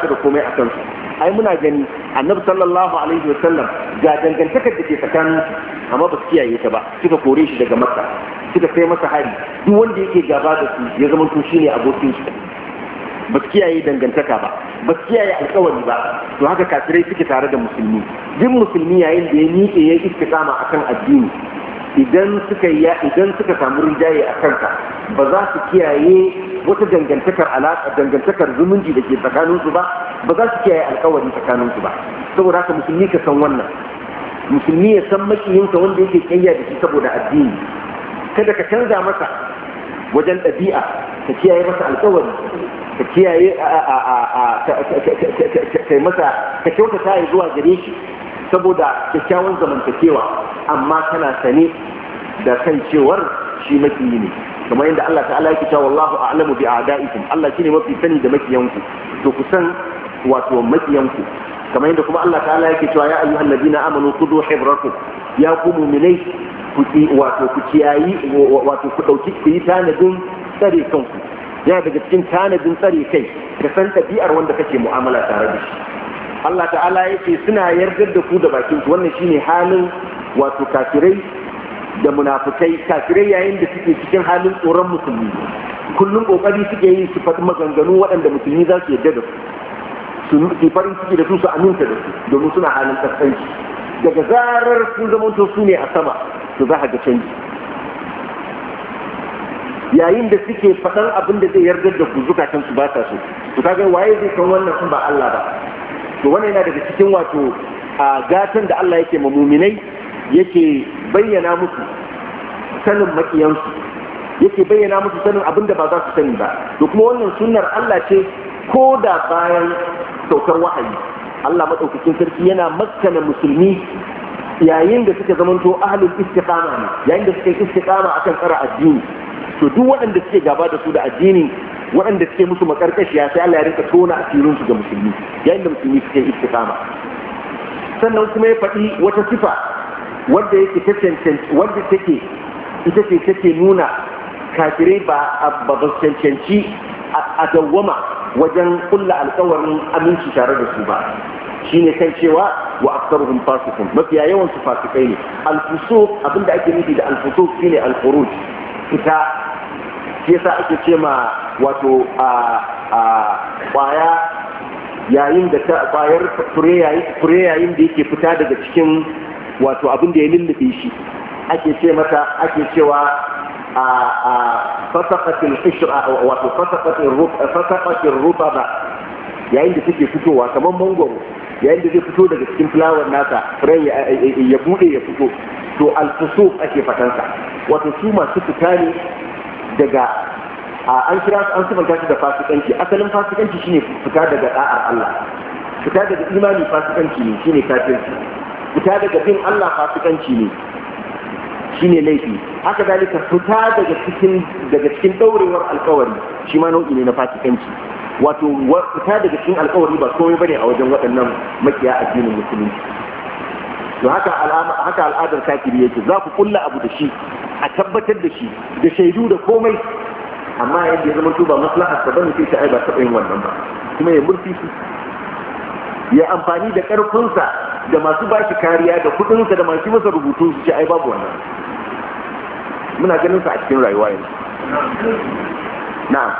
ta da komai a kansu ai muna gani annabi sallallahu alaihi wasallam ga dangantakar da ke tsakanin amma ba su kiyaye ta ba suka kore shi daga makka suka kai masa hari duk wanda yake gaba da su ya zama to shine abokin shi ba su kiyaye dangantaka ba ba su kiyaye alkawari ba to haka kafirai suke tare da musulmi duk musulmi yayin da ya miƙe ya yi istiqama akan addini idan suka ya idan suka samu rinjaye a kanka ba za su kiyaye wata dangantakar alaƙa dangantakar zumunci da ke tsakaninsu ba ba za su kiyaye alƙawari tsakaninsu ba saboda haka musulmi ka san wannan musulmi ya san makiyinka wanda yake kiyaye da shi saboda addini kada ka canza masa wajen ɗabi'a ka kiyaye masa alƙawari ka kiyaye ka masa ka kyautata zuwa gare shi saboda kyakkyawan zamantakewa amma kana sane da kan cewar shi makiyi ne kamar yadda Allah ta'ala yake cewa wallahu a'lamu bi a'da'ikum Allah shine mafi sani da makiyanku to ku san wato makiyanku kamar yadda kuma Allah ta'ala yake cewa ya ayyuhal ladina amanu khudhu hibrakum ya ku mu'minai ku wato ku ciyayi wato ku dauki ku yi tanadin tsare kanku yana daga cikin tanadin tsare kai ka san ɗabi'ar wanda kake mu'amala tare da shi Allah ta'ala yake suna yardar da ku da bakin ku wannan shine halin wato kafirai da munafukai kafirai yayin da suke cikin halin tsoron musulmi kullum kokari suke yi su faɗi maganganu waɗanda musulmi za su yarda da su su farin ciki da su su aminta da su domin suna halin kaskanci daga zarar sun zama to su ne a sama su za ga canji yayin da suke faɗan abin da zai yarda da ku zukatan su ba ta so to kaga waye zai san wannan sun ba Allah ba to wannan yana daga cikin wato a gatan da Allah yake ma muminai yake bayyana musu sanin makiyansu yake bayyana musu sanin abinda ba za su sani ba to kuma wannan sunnar Allah ce ko da bayan saukar wahayi Allah madaukakin sarki yana makana musulmi yayin da suka zamanto ahlul istiqama ne yayin da suka istiqama akan tsara addini to duk waɗanda suke gaba da su da addini waɗanda suke musu makarƙashiya sai Allah ya rinka tona asirin su ga musulmi yayin da musulmi suke istiqama sannan kuma ya faɗi wata sifa wadda yake ta cancanci wadda take ita ce take nuna kafirai ba ba cancanci a dawwama wajen kulla alkawarin aminci tare da su ba shine kan cewa wa aktaruhum fasikun mafiya yawan su fasikai ne al abinda ake nufi da alfuso shine al ita fita shi ake ce ma wato a a kwaya yayin da ta kwayar fure yayin da yake fita daga cikin wato abin da ya lullube shi ake ce mata ake cewa a fasaqatil hishra wato fasaqatil rufa fasaqatil rufa yayin da take fitowa kamar mangoro yayin da zai fito daga cikin flower nasa rai ya bude ya fito to alfusu ake fatansa wato su masu fita ne daga an kira su an sifanta shi da fasikanci asalin fasikanci shine fita daga da'ar Allah fita daga imani fasikanci ne shine kafirci fita daga bin Allah fasikanci ne shi ne laifi haka zalika fita daga cikin daga cikin daurewar alkawari shi ma nau'i ne na fasikanci wato fita daga cikin alkawari ba komai bane a wajen waɗannan makiya addinin musulunci to haka haka al'adar kafiri yake za ku kulla abu da shi a tabbatar da shi da shaidu da komai amma yadda ya zama ba maslahar ta bane sai ta ai ba taɓa yin wannan ba kuma ya murfi su ya amfani da ƙarfinsa da masu ba shi kariya da kudinsa da masu masa rubutu su ce ai babu wannan muna ganin sa a cikin rayuwa yanzu a na'am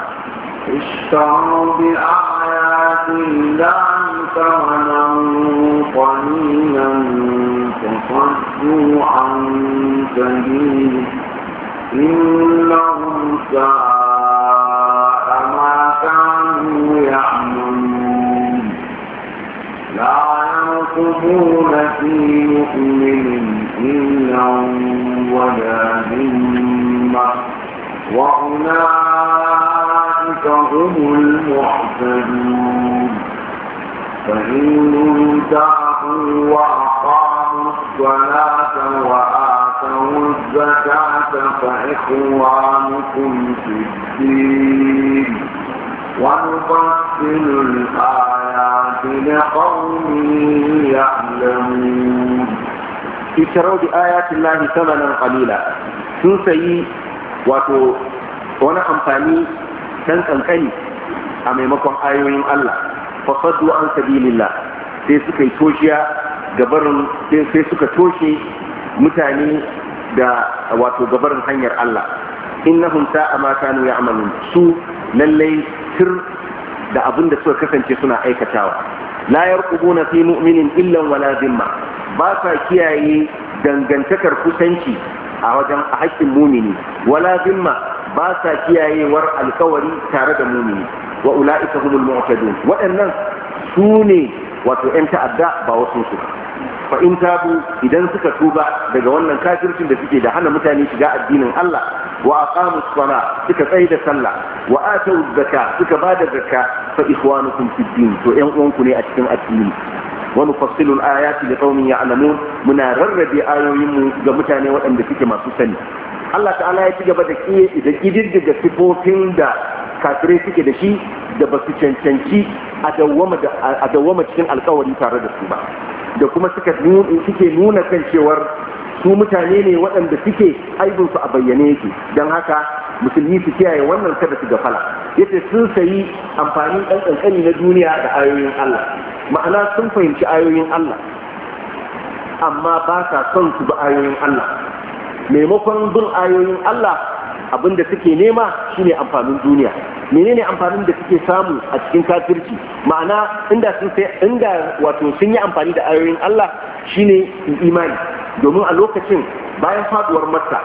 اشتروا بآيات الله ثمنا قليلا فصدوا عن سبيله إنهم ساء a كانوا يعملون لا يقضون في مؤمن إلا ولا ذمة وأولئك هم المحسنون فإن انتهوا وأقاموا الصلاة وآتوا الزكاة فإخوانكم في الدين ونفصل الآيات لقوم يعلمون اشتروا بآيات الله ثمنا قليلا sun sayi wato wani amfani dan kankani a maimakon ayoyin Allah fasaddu an sabilillah sai suka gabarin sai suka toshe mutane da wato gabarin hanyar Allah innahum sa'a ma kanu ya'malun su lallai sir da abin da suka kasance suna aikatawa la yarqubuna fi mu'minin illa wala zimma ba sa kiyaye dangantakar kusanci a wajen a haƙƙin mumini wala zimma ba sa kiyayewar alkawari tare da mumini wa ula'ika humul mu'tadun waɗannan su ne wato 'yan ta'adda ba wasu su fa in tabu idan suka tuba daga wannan kafircin da suke da hana mutane shiga addinin Allah wa aqamu suka tsaya da sallah wa atau zakka suka bada zakka fa ikhwanukum fid din to ƴan uwanku ne a cikin addini wa nufassilu al-ayati liqaumin ya'lamun muna rarrabe ayoyin mu ga mutane waɗanda suke masu sani Allah ta'ala ya ci gaba da kididdiga sifofin da kafirai suke da shi da ba su cancanci a dawwama cikin alkawari tare da su ba da kuma suke nuna kan cewar su mutane ne waɗanda suke aibinsu a bayyane yake don haka musulmi su kiyaye wannan kada su gafala yace sun sayi amfani ɗan ƙanƙani na duniya da ayoyin Allah ma'ana sun fahimci ayoyin Allah amma ba sa son su bi ayoyin Allah maimakon bin ayoyin Allah abin da suke nema shine amfanin duniya menene amfanin da suke samu a cikin kafirci ma'ana inda sun wato sun yi amfani da ayoyin Allah shine imani domin a lokacin bayan faduwar masa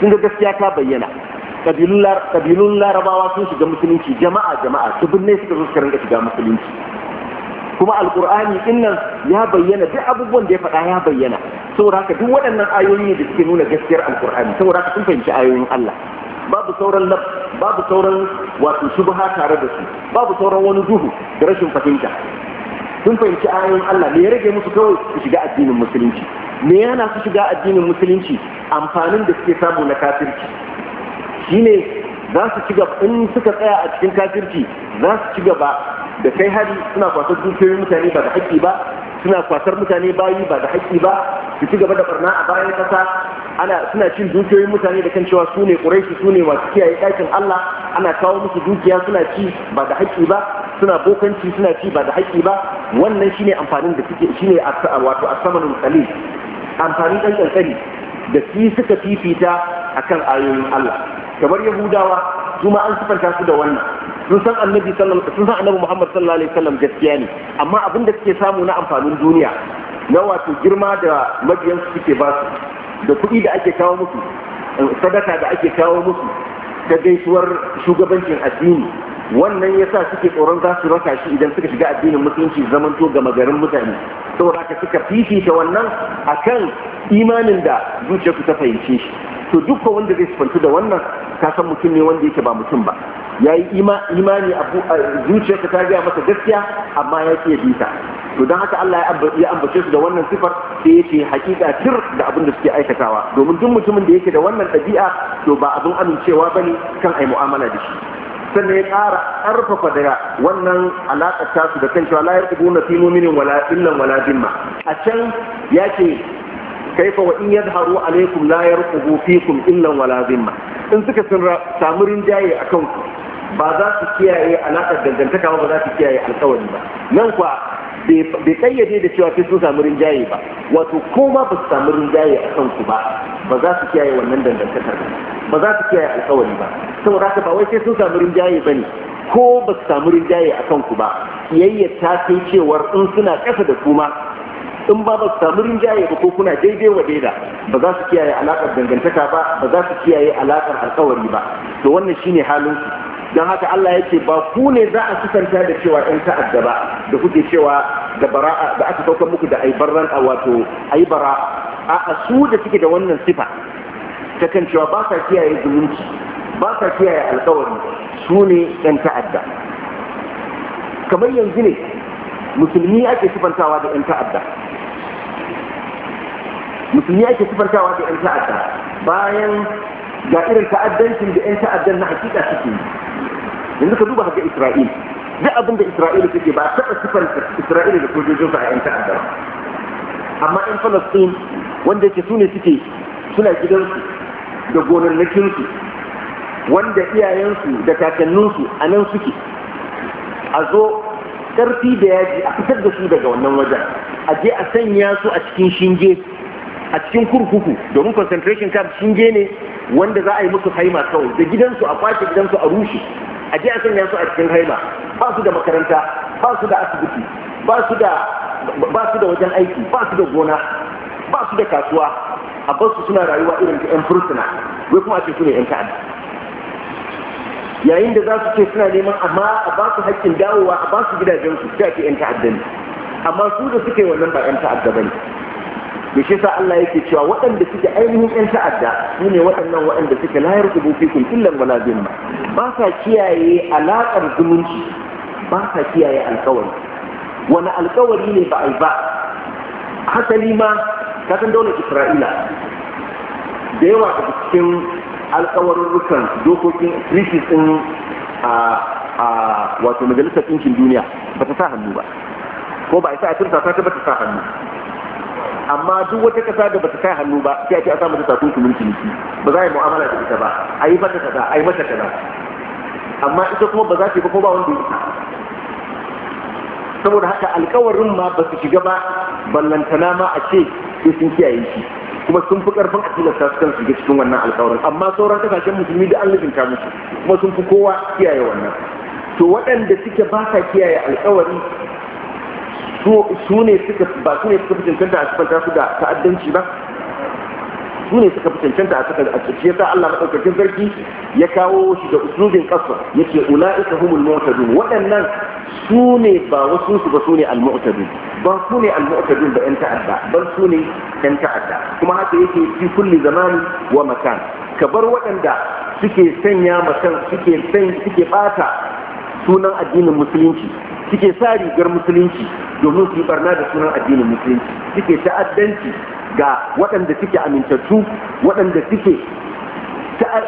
sun ga gaskiya ta bayyana ƙabilun larabawa sun shiga musulunci jama'a jama'a binne suka zo suka shiga musulunci kuma alkur'ani dinnan ya bayyana duk abubuwan da ya faɗa ya bayyana saboda haka duk waɗannan ayoyi da suke nuna gaskiyar alkur'ani saboda haka sun fahimci ayoyin Allah babu sauran lab babu sauran wato shubha tare da su babu sauran wani duhu da rashin fahimta sun fahimci ayoyin Allah me ya rage musu kawai su shiga addinin musulunci me yana su shiga addinin musulunci amfanin da suke samu na kafirci shine za su ci gaba in suka tsaya a cikin kafirci za su ci gaba da kai hari suna kwasar dukiyoyin mutane ba da haƙƙi ba suna kwasar mutane bayi ba da haƙƙi ba su ci gaba da barna a bayan ƙasa ana suna cin dukiyoyin mutane da kan cewa su ne ƙuraishi su ne masu kiyaye ɗakin Allah ana kawo musu dukiya suna ci ba da haƙƙi ba suna bokanci suna ci ba da haƙƙi ba wannan shine amfanin da suke shine wato asamanin qalil amfani dan kankani da su suka fifita akan ayoyin Allah kamar yahudawa su an sifanta su da wannan sun san annabi sallallahu sun san annabi Muhammad sallallahu alaihi wasallam gaskiya ne amma abin da suke samu na amfanin duniya na wato girma da mabiyan su suke ba su da kuɗi da ake kawo musu sadaka da ake kawo musu ta gaisuwar shugabancin addini wannan yasa suke tsoron za su raka shi idan suka shiga addinin musulunci zamanto gama garin mutane saboda haka suka fifita wannan akan imanin da zuciyarsu ta fahimce shi to dukkan wanda zai sifantu da wannan ka san mutum ne wanda yake ba mutum ba ya yi imani a zuciyarka ta gaya masa gaskiya amma ya ke bita to don haka Allah ya ambace su da wannan sifar sai ya ce hakika tir da abin da suke aikatawa domin duk mutumin da yake da wannan ɗabi'a to ba abin amincewa ba ne kan a yi mu'amala da shi sannan ya ƙara ƙarfafa daga wannan alaƙar tasu da kan cewa la yarqubuna fi mu'minin wala illan wala dimma a can ya ce kaifa wa in yadharu alaikum la yarqubu fikum illa wala zimma in suka sun samu rinjaye akan ku ba za su kiyaye alaƙar dangantaka ba za su kiyaye alƙawari ba nan kuwa bai kayyade da cewa sai sun samu rinjaye ba wato ko ma ba su samu rinjaye a ku ba ba za su kiyaye wannan dangantakar ba za su kiyaye alƙawari ba saboda haka ba wai sai sun samu rinjaye ba ne ko ba su samu rinjaye a ku ba kiyayya ta kai cewar in suna ƙasa da kuma in ba ba su samu rinjaye ba ko kuna daidai wa daida ba za su kiyaye alaƙar dangantaka ba ba za su kiyaye alakar alkawari ba to wannan shine halin su don haka Allah ya ce ba ku ne za a kusanta da cewa ɗan ta'adda ba da kuke cewa da bara'a da aka sauka muku da aibarran a wato bara. a su da suke da wannan sifa ta kan cewa ba sa kiyaye zumunci ba sa kiyaye alkawari su ne ɗan ta'adda kamar yanzu ne musulmi ake sifantawa da 'yan ta'adda musulmi ake sifartawa da 'yan ta'adda bayan ga irin ta'addancin da 'yan ta'addan na hakika suke yanzu ka duba haka isra'il duk abin da isra'il suke ba taɓa sifar isra'il da sojojin sa a 'yan ta'adda amma 'yan falastin wanda yake su ne suke suna gidansu da gonannakinsu wanda iyayensu da kakanninsu a nan suke a zo ƙarfi da yaji a fitar da su daga wannan wajen a je a sanya su a cikin shinge a cikin kurkuku domin concentration camp sun je ne wanda za a yi musu haima kawai da gidansu a kwace gidansu a rushe a je a sanya su a cikin haima ba su da makaranta ba su da asibiti ba su da wajen aiki ba su da gona ba su da kasuwa a ba su suna rayuwa irin ta yan fursuna wai kuma a ce su ne yan ta'adda yayin da za su ce suna neman amma a ba su haƙƙin dawowa a ba su gidajensu sai a ce yan ta'addani. amma su da suke wannan ba yan ta'adda ba ne to shi sa Allah yake cewa waɗanda suke ainihin ƴan ta'adda su ne waɗannan waɗanda suke la yarqubu fikum illa wala dhimma ba sa kiyaye alaƙar zumunci ba sa kiyaye alƙawari wani alƙawari ne ba ai ba hasali ma ka san daular Isra'ila da yawa a cikin alƙawarurrukan dokokin treaties din a wato majalisar ɗinkin duniya ba ta sa hannu ba ko ba a sa a turta ta ba ta sa hannu amma duk wata kasa da bata kai hannu ba sai a ce a samu ta mulki ciniki ba za a yi mu'amala da ita ba a yi mata kaza a yi mata kaza amma ita kuma ba za ta yi ba ko ba wanda ya saboda haka alkawarin ma ba su shiga ba ballantana ma a ce sai sun kiyaye shi kuma sun fi karfin a tilasta su kan shiga cikin wannan alkawarin amma sauran kasashen musulmi da an lizinta musu kuma sun fi kowa kiyaye wannan to waɗanda suke ba sa kiyaye alkawari su ne suka ba su ne suka fi cancanta a sifanta su da ta'addanci ba su ne suka fi cancanta a sifanta a cikin yasa Allah madaukakin sarki ya kawo shi da uslubin kasa yace ulaika humul mu'tadun waɗannan su ne ba wasu su ba su ne al-mu'tadun ba su ne al-mu'tadun ba yan ta'adda ba su ne yan ta'adda kuma haka yake fi kulli zamani wa makan ka bar waɗanda suke sanya makan suke san suke bata sunan addinin musulunci suke sa rigar musulunci domin su yi barna da sunan addinin musulunci suke ta'addanci ga waɗanda suke amintattu waɗanda suke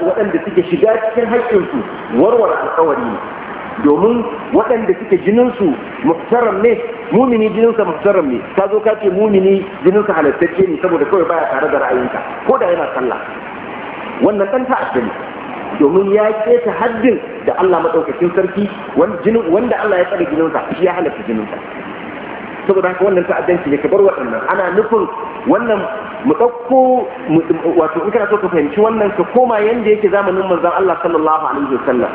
waɗanda suke shiga cikin haƙƙinsu warware alƙawari ne domin waɗanda suke jininsu muftaram ne mumini jininsa muftaram ne ka zo ka ce mumini jininsa halattacce ne saboda kawai baya tare da ra'ayinka ko da yana sallah wannan ɗan ta'adda domin ya keta haddin da Allah madaukakin sarki wanda Allah ya tsare jininsa shi ya halatta jininsa saboda haka wannan ta'addanci ne ka bar waɗannan ana nufin wannan mu ɗauko wato in kana so ka fahimci wannan ka koma yanda yake zamanin manzon Allah sallallahu alaihi wasallam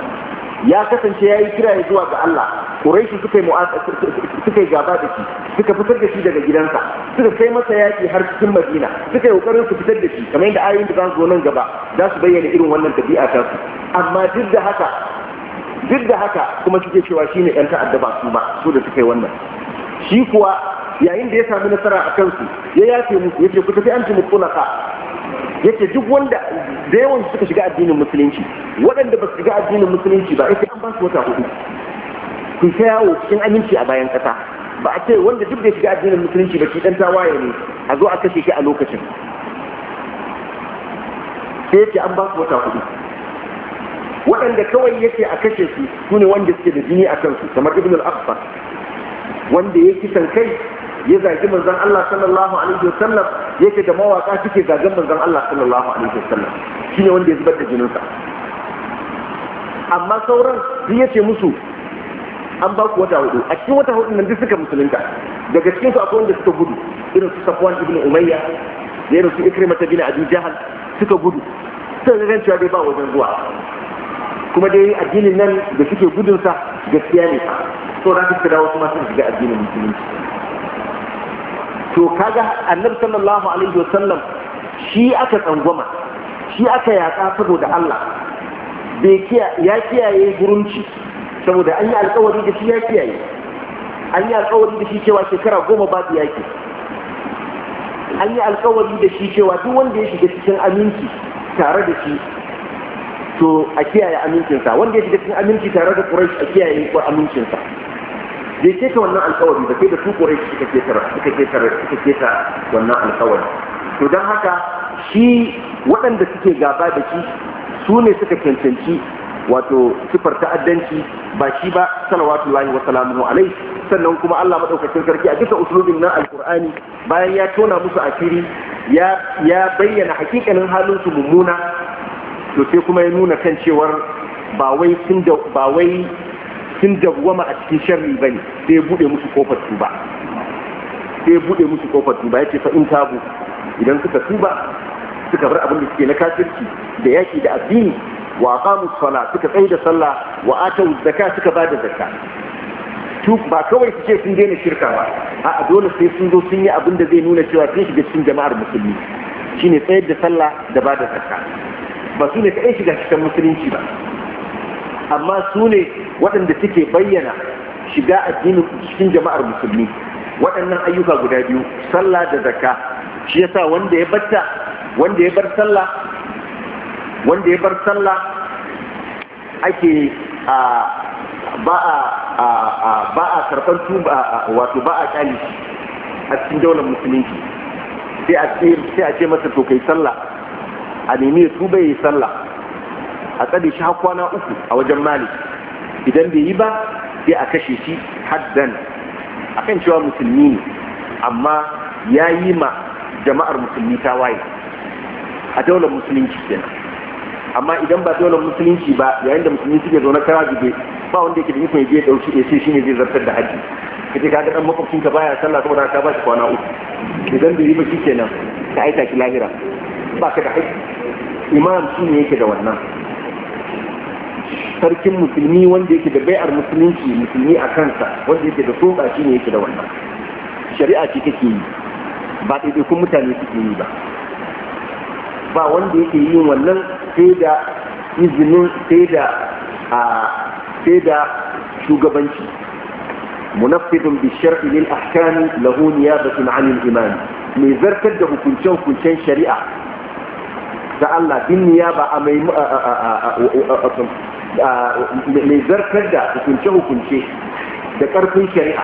ya kasance ya yi kira zuwa ga Allah Quraishi suka yi suka gaba da shi suka fitar da shi daga gidansa suka kai masa yaki har cikin Madina suka yi kokarin su fitar da shi kamar yadda ayoyin da za su zo nan gaba za su bayyana irin wannan tabi'a ta su amma duk da haka duk da haka kuma suke cewa shi ne ɗan ta'adda ba su ba su da suka yi wannan shi kuwa yayin da ya sami nasara a kansu ya yafe musu ya yace ku tafi antum tulaka yace duk wanda da yawan suka shiga addinin musulunci waɗanda ba su shiga addinin musulunci ba sai an ba su wata hudu kun ta yawo cikin aminci a bayan ƙasa ba a ce wanda duk da shiga addinin musulunci ba ki dan tawaye ne a zo a kashe shi a lokacin sai yace an ba su wata hudu waɗanda kawai yake a kashe su su ne wanda suke da jini a kansu kamar ibn al-aqsa wanda ya kisan kai ya zagi manzon Allah sallallahu alaihi wasallam yake da mawaka suke zagin manzon Allah sallallahu alaihi wasallam shine wanda ya zubar da jinin sa amma sauran duk yace musu an ba ku wata hudu a cikin wata hudu nan duk suka musulunta daga cikin su akwai wanda suka gudu irin su Safwan ibn Umayya da irin su Ikrimah ibn Abi Jahl suka gudu sai ga cewa dai ba wajen zuwa kuma dai addinin nan da suke gudunsa gaskiya ne to da wasu dawo kuma suka shiga addinin musulunci to kaga annabi sallallahu alaihi wasallam shi aka tsangwama shi aka yaka saboda Allah ya kiyaye gurunci saboda an yi alkawari da shi ya kiyaye an yi alkawari da shi cewa shekara goma babu yaki. an yi alkawari da shi cewa duk wanda ya shiga cikin aminci tare da shi to a kiyaye amincinsa wanda ya shiga cikin aminci tare da ƙurashi a kiyaye amincinsa bai keta wannan alkawari da ke da su kore suka ketara suka ketara suka keta wannan alkawari to don haka shi waɗanda suke gaba da shi su ne suka cancanci wato sifar ta'addanci ba shi ba lahi wa salamuhu alai sannan kuma Allah madaukakin sarki a cikin usulubin na alqur'ani bayan ya tona musu asiri ya ya bayyana hakikanin halin su mummuna to sai kuma ya nuna kan cewar ba wai sun ba wai sun dawwama a cikin sharri bane sai bude musu kofar tuba sai bude musu kofar tuba yace fa in tabu idan suka tuba suka bar abin da suke na kafirci da yaki da addini wa aqamu sala suka tsaya da sallah wa atu zakat suka ba da zakka ba kawai su sun daina shirka ba a dole sai sun zo sun yi abin da zai nuna cewa sun shiga cikin jama'ar musulmi shine tsayar da sallah da ba da zakka ba su ne kaɗai shiga cikin musulunci ba amma su ne waɗanda suke bayyana shiga addinin cikin jama'ar musulmi waɗannan ayyuka guda biyu sallah da zakka shi yasa wanda ya batta wanda ya bar sallah wanda ya bar sallah ake a ba a ba a karɓar wato ba a kyali a cikin daular musulunci sai a ce masa to kai sallah a nemi ya tuba yi sallah a tsare shi har kwana uku a wajen maliki idan bai yi ba sai a kashe shi haddan kan cewa musulmi ne amma ya yi ma jama'ar musulmi ta waye a daular musulunci kenan amma idan ba daular musulunci ba yayin da musulmi suke zaune kara zube ba wanda yake da ikon ya je dauki ya ce shine zai zartar da haji kace ka ga dan makwabcin ka baya sallah saboda ka ba shi kwana uku idan bai yi ba kenan ka aika ki lahira ba ka da haji imam shine yake da wannan sarkin musulmi wanda yake da bai'ar musulunci musulmi a kansa wanda yake da soka shi ne yake da wannan shari'a ce take yi ba ɗaiɗaikun mutane suke yi ba ba wanda yake yin wannan sai da izinin sai da a sai da shugabanci munafidun bi shar'i lil ahkami lahu niyabatun 'anil imani mai zartar da hukunce-hukuncen shari'a Ta Allah bin niyaba a mai mai zartar da hukunce-hukunce da ƙarfin shari'a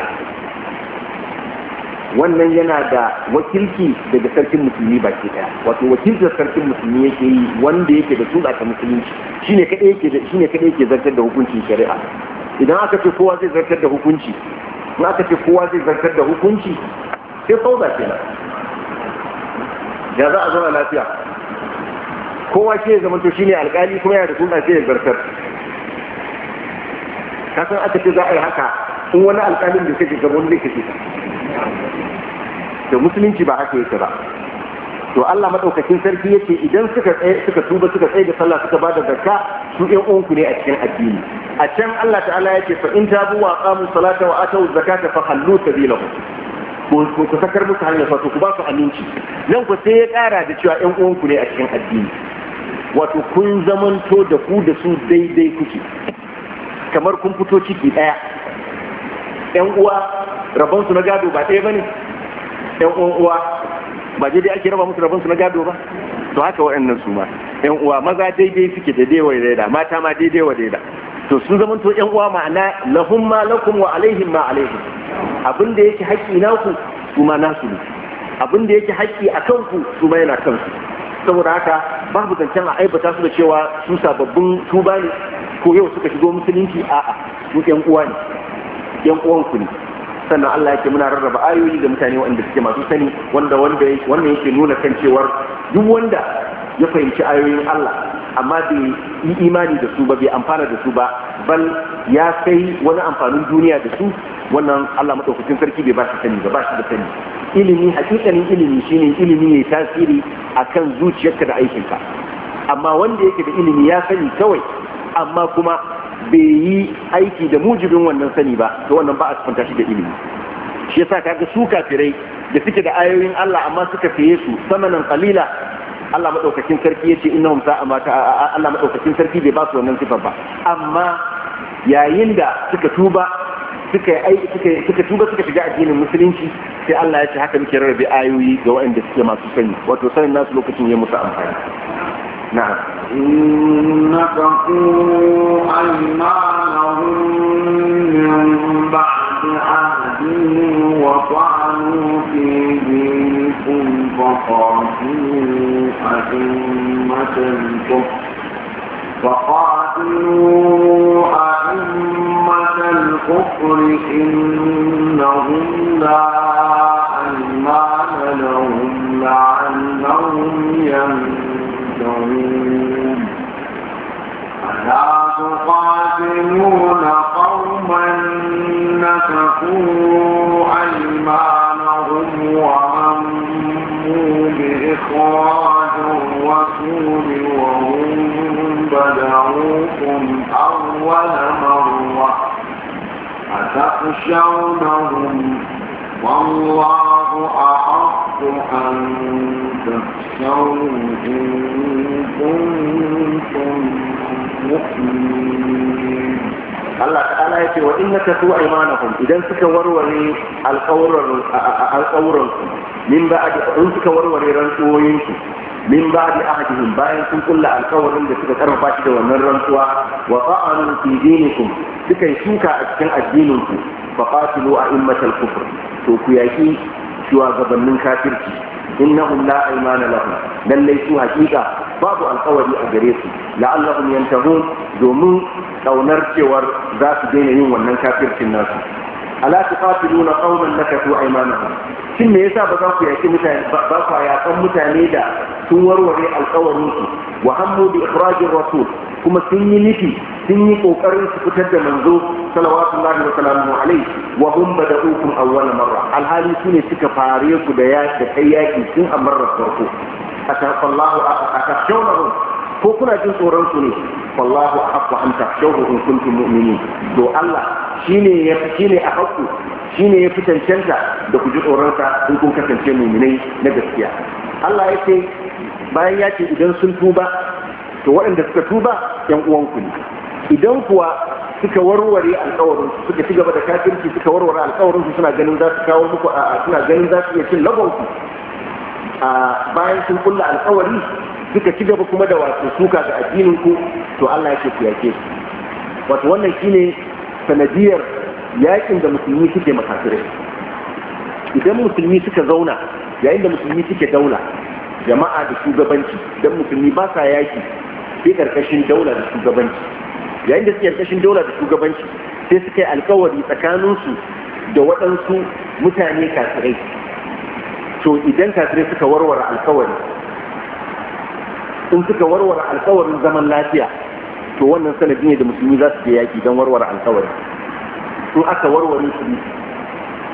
wannan yana da wakilci daga sarkin musulmi baki daya wato da sarkin musulmi yake yi wanda yake da tuɗa ta musulunci shine kaɗai yake zartar da hukunci shari'a idan aka ce kowa zai zartar da hukunci in aka ce kowa zai zartar da hukunci sai fauza kenan da za a zama lafiya kowa shi ya zama to shine alƙali kuma yana da tuɗa sai ya zartar ka san aka ce za a yi haka in wani alƙalin da kake gaban zai kake ta da musulunci ba haka yake ba to Allah madaukakin sarki ce idan suka tsaye suka tuba suka tsaye da sallah suka bada zakka su ɗan uwanku ne a cikin addini a can Allah ta'ala yace fa in tabu wa qamu salata wa atu zakata fa hallu sabilahum ko ku sakar musu hanyar fa ku ba su aminci nan ku sai ya ƙara da cewa ɗan uwanku ne a cikin addini wato kun zamanto da ku da su daidai kuke kamar kun fito ciki ɗaya yan uwa su na gado ba ɗaya ba ne yan uwa ba je dai ake raba musu su na gado ba to haka waɗannan su ma yan uwa maza daidai suke da daidai daida mata ma daidai wa daida to sun zama to yan uwa ma'ana lahum ma lakum wa alaihim ma alaihim abin da yake haƙƙi ku su ma nasu ne abin da yake haƙƙi a ku su ma yana kansu saboda haka babu zancen a aibata su da cewa su sababbin tuba ne ko yau suka shigo musulunci a mu yan uwa ne yan uwan ku ne sannan Allah yake muna rarraba ayoyi da mutane waɗanda suke masu sani wanda wanda wanda yake nuna kan cewar duk wanda ya fahimci ayoyin Allah amma bai yi imani da su ba bai amfana da su ba bal ya kai wani amfanin duniya da su wannan Allah madaukakin sarki bai ba shi sani ba ba shi da sani ilimi hakikanin ilimi shine ilimi ne tasiri akan zuciyarka da aikinka amma wanda yake da ilimi ya sani kawai amma kuma bai yi aiki da mujibin wannan sani ba to wannan ba a kwanta shi da ilimi shi yasa kaga su kafirai da suke da ayoyin Allah amma suka fiye su samanan qalila Allah madaukakin sarki yace innahum sa'a ma Allah madaukakin sarki bai ba su wannan sifar ba amma yayin da suka tuba suka yi suka tuba suka shiga addinin musulunci sai Allah ya ce haka muke rarrabe ayoyi ga waɗanda suke masu sani wato sanin nasu lokacin ya musu amfani نعم إن أيمانهم من بعد عهدهم وطعنوا في دينكم أئمة الكفر فقاتلوا أئمة الكفر إنهم لا أيمان لهم لعلهم ينفعون تبصرون لا تقاتلون قوما نفقوا أيمانهم وهموا بإخراج الرسول وهم بدعوكم أول مرة أتخشونهم والله أحق Allah ta'ala ya ce wa inna ka idan suka warware alƙawuran su min ba in suka warware min ba da ahadihim bayan sun kulla alƙawarin da suka karfafa shi da wannan rantsuwa wa ta'anu fi dinikum suka yi shuka a cikin addininku ku fa qatilu a'immatal kufr to ku yaki shugabannin kafirci innahum la aymana lahum lallai su haƙiƙa babu alkawari a gare su la'allahum yantahun domin kaunar cewar za su daina yin wannan kafircin nasu ala tuqatiluna qauman nakatu aymanahum shin me yasa ba za ku yaƙi mutane ba ku mutane da sun warware alƙawarin su wa hammu bi ikhrajir rasul kuma sun yi nufi sun yi kokarin su fitar da manzo salawatullahi wa salamu alaihi wa hum bada'ukum awwal marra alhali sune suka fare ku da yaki da kai yaki sun a marar farko ataqallahu ataqshawnahu ko kuna jin tsoron su ne a ahqqu an taqshawhu in kuntum mu'minin to Allah ne ya ne a shi ne ya fi cancanta da ku ji tsoron sa in kun kasance mu'minai na gaskiya Allah ya ce bayan ya ce idan sun tuba to waɗanda suka tuba yan uwanku ne idan kuwa suka warware alkawarin su suka ci gaba da kafirci suka warware alkawarin su suna ganin za su kawo muku a suna ganin za su iya cin lagon ku a bayan sun kulla alkawari suka ci gaba kuma da wato suka ga addinin ku to Allah yake ku yake su wato wannan shine sanadiyar yakin da musulmi suke makafire idan musulmi suka zauna yayin da musulmi suke daula jama'a da shugabanci dan musulmi ba sa yaki sai karkashin daula da shugabanci yayin da suke karkashin daula da shugabanci sai suka yi alkawari tsakaninsu da waɗansu mutane kafirai to idan kafirai suka warware alkawari in suka warware alkawarin zaman lafiya to wannan sanadin ne da musulmi za su je yaƙi don warware alkawari in aka warware su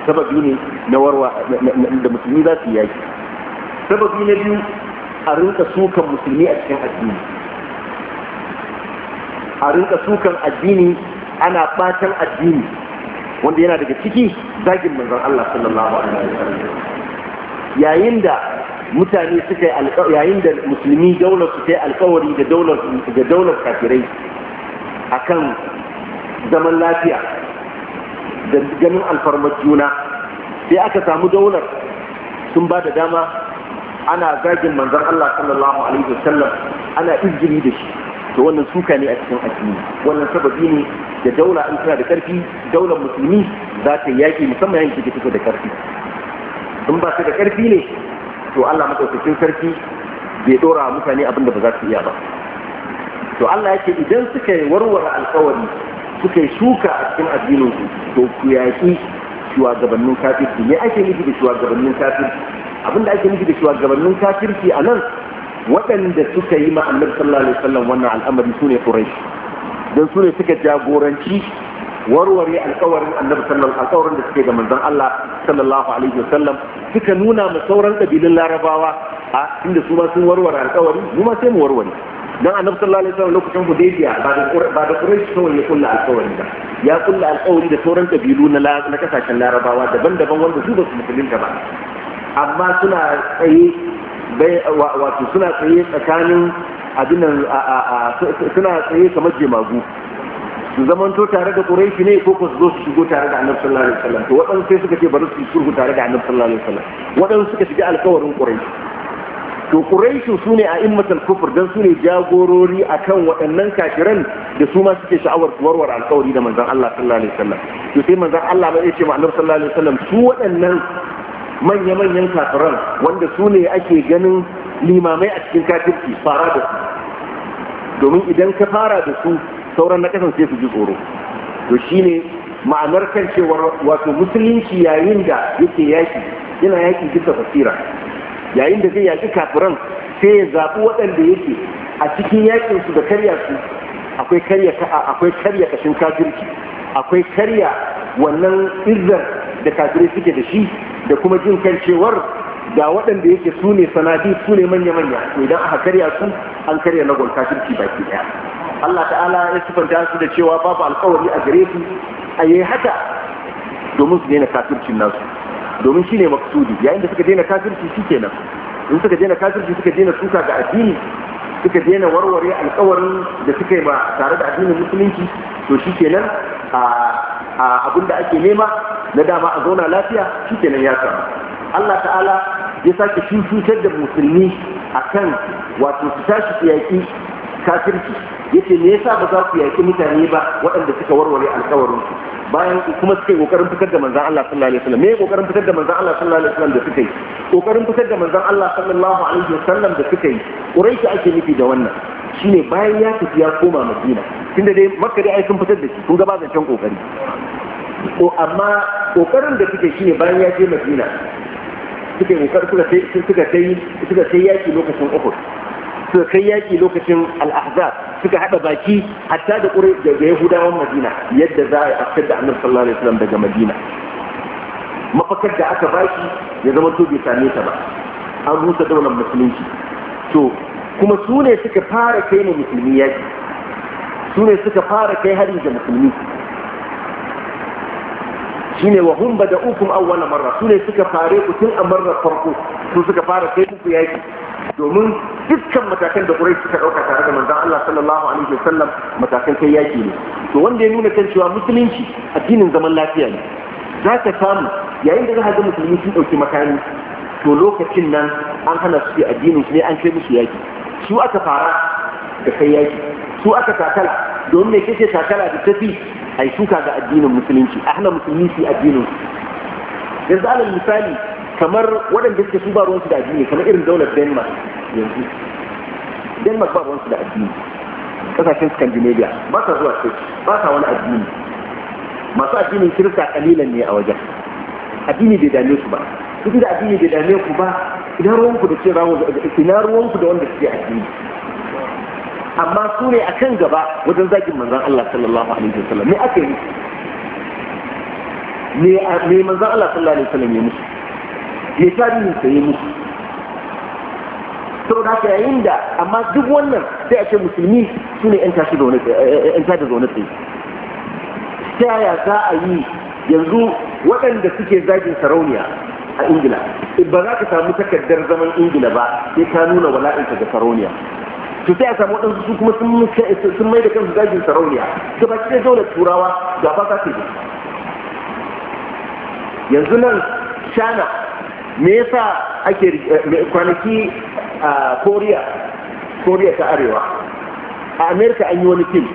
sababi ne na warwa da musulmi za su yi yaƙi sababi na biyu a rinka sukan musulmi a cikin addini a rinka sukan addini ana batan addini wanda yana daga ciki zagin manzon Allah sallallahu alaihi wasallam yayin da mutane suka yi yayin da musulmi daular su kai alkawari da daular da daular kafirai akan zaman lafiya da ganin alfarmar juna sai aka samu daular sun ba da dama ana zagin manzon Allah sallallahu alaihi wasallam ana izgiri da shi to wannan suka ne a cikin addini wannan sababi ne da daula in tana da karfi daula musulmi za ta yaki musamman yanki da take da karfi in ba su da karfi ne to Allah madaukakin sarki bai dora mutane abin da ba za su iya ba to Allah yake idan suka yi warware alkawari suka yi shuka a cikin addinin su to ku yaki shugabannin kafirci me ake nufi da shugabannin kafirci abin da ake nufi da shugabannin kafirci a nan waɗanda suka yi ma sallallahu alaihi wasallam wannan al'amari su ne quraish dan su ne suka jagoranci warware alƙawarin annabi sallallahu alƙawarin da suke ga manzon Allah sallallahu alaihi wasallam suka nuna ma sauran kabilan larabawa a inda su ma sun warware alƙawari mu ma sai mu warware dan annabi sallallahu alaihi wasallam lokacin hudaybiya ba da ba da quraish kawai ya kullu alƙawarin da ya kullu alƙawari da sauran kabilu na na kasashen larabawa daban-daban wanda su ba su musulunta ba amma suna tsaye wato suna tsaye tsakanin abinan suna tsaye kamar jemagu su zamanto tare da ƙuraishi ne ko su zo su shigo tare da annabi sallallahu alaihi wasallam to waɗansu sai suka ce bari su sulhu tare da annabi sallallahu alaihi wasallam waɗansu suka shiga alƙawarin ƙuraishi to ƙuraishi su ne a immatal kufur dan su ne jagorori akan waɗannan kafiran da su ma suke sha'awar warware alƙawari da manzon Allah sallallahu alaihi wasallam to sai manzon Allah ba zai ce ma annabi sallallahu alaihi wasallam su waɗannan manya-manyan kafiran wanda su ne ake ganin limamai a cikin kafirci fara da su domin idan ka fara da su sauran na kasan sai su ji tsoro to shine ma'anar kan cewar wato musulunci yayin da yake yaki yana yaki bisa basira yayin da zai yaki kafiran sai ya zaɓi waɗanda yake a cikin yakin da karya su akwai karya akwai karya kashin kafirci akwai karya wannan izzar da kafirai suke da shi da kuma jin kan da waɗanda yake su ne sanadi su ne manya-manya idan aka karya su an karya na gwal kafirci baki daya Allah ta'ala ya sifanta su da cewa babu alkawari a gare su a yi haka domin su daina kafircin nasu domin shi ne maksudi yayin da suka daina kafirci shi kenan in suka daina kafirci suka daina suka ga addini suka daina warware alkawarin da suka yi ba tare da addinin musulunci to shi kenan a abin da ake nema na dama a zauna lafiya shi kenan ya samu Allah ta'ala ya sake shushutar da musulmi a kan wato su tashi su yaƙi kafirci ce me yasa ba za ku yaƙi mutane ba waɗanda suka warware alƙawarin su bayan kuma suka yi kokarin fitar da manzan Allah sallallahu alaihi wasallam me ƙoƙarin fitar da manzan Allah sallallahu alaihi wasallam da suka yi Ƙoƙarin fitar da manzan Allah sallallahu alaihi wasallam da suka yi quraishi ake nufi da wannan shine bayan ya tafi ya koma madina tunda dai makka dai ai sun fitar da shi kun gaba ba zancen kokari ko amma kokarin da suke shine bayan ya je madina suke kokar suka kai suka kai suka kai yaki lokacin uhud suka kai yaki lokacin al-ahzab suka hada baki hatta da kure da yahudawan madina yadda za a afkar da annabi sallallahu alaihi wasallam daga madina mafakar da aka bashi ya zama to bai same ta ba an rusa daular musulunci to kuma su ne suka fara kai mu musulmi yaki su ne suka fara kai hari da musulmi shine wa hum bada'ukum awwala marra su ne suka fare ku tun a marar farko su suka fara kai muku yaki domin dukkan matakan da Quraysh suka dauka tare da manzon Allah sallallahu alaihi wasallam matakan kai yaki ne to wanda ya nuna kan cewa musulunci addinin zaman lafiya ne za ka samu yayin da za ga musulmi sun dauki makami to lokacin nan an hana su addinin su ne an kai musu yaki su aka fara da kai yaki su aka takala domin mai kace takala da tafi yi suka ga addinin musulunci a hana musulmi su addinin yanzu alal misali kamar waɗanda suke su ba ruwansu da addini kamar irin daular denmark yanzu denmark ba ruwansu da addini kasashen scandinavia ba sa zuwa sai ba sa wani addini masu addinin kirista kalilan ne a wajen addini bai dame su ba duk da addini bai dame ku ba ina ruwanku da ce ina ruwanku da wanda suke addini amma su ne a kan gaba wajen zagin manzan Allah sallallahu alaihi wasallam me aka yi me manzan Allah sallallahu alaihi wasallam ya musu ya tarihin sa ya musu da haka yayin da amma duk wannan sai a ce musulmi su ne 'yan tashi zaune tsaye ta yaya za a yi yanzu waɗanda suke zagin sarauniya a ingila ba za ka samu takardar zaman ingila ba sai ka nuna wala'inka ga sarauniya to sai a samu waɗansu su kuma sun mai da kansu dajin sarauniya ga baki da dole turawa ga ba za ta yi yanzu nan shana me yasa ake kwanaki a koriya koriya ta arewa a amerika an yi wani fim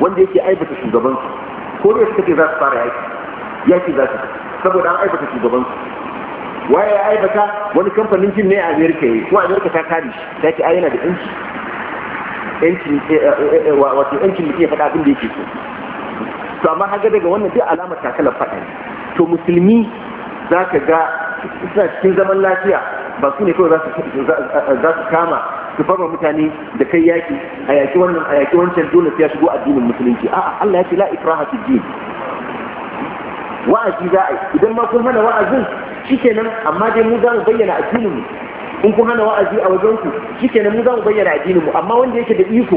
wanda yake aibata shugabansu koriya ta ke za su fara yaki yaki za su saboda an aibata shugabansu waye ya aibata wani kamfanin jin ne a amerika yi ko amerika ta kari ta ce ayyana yana da yanci eh, eh, eh, wato yancin da ke faɗa abin da yake so to amma haga daga wannan duk alamar takalar faɗa ne to musulmi za ka ga suna cikin zaman lafiya ba su ne kawai za su kama su farma mutane da kai yaki a yaki wannan a yaki wancan dole sai ya shigo addinin musulunci a'a Allah ya ce la ikraha fi din wa'azi za a idan ma kun hana wa'azin shikenan amma dai mu za mu bayyana addinin mu in kun hana wa'azi a wajen ku shikenan mu za mu bayyana addinin mu amma wanda yake da iko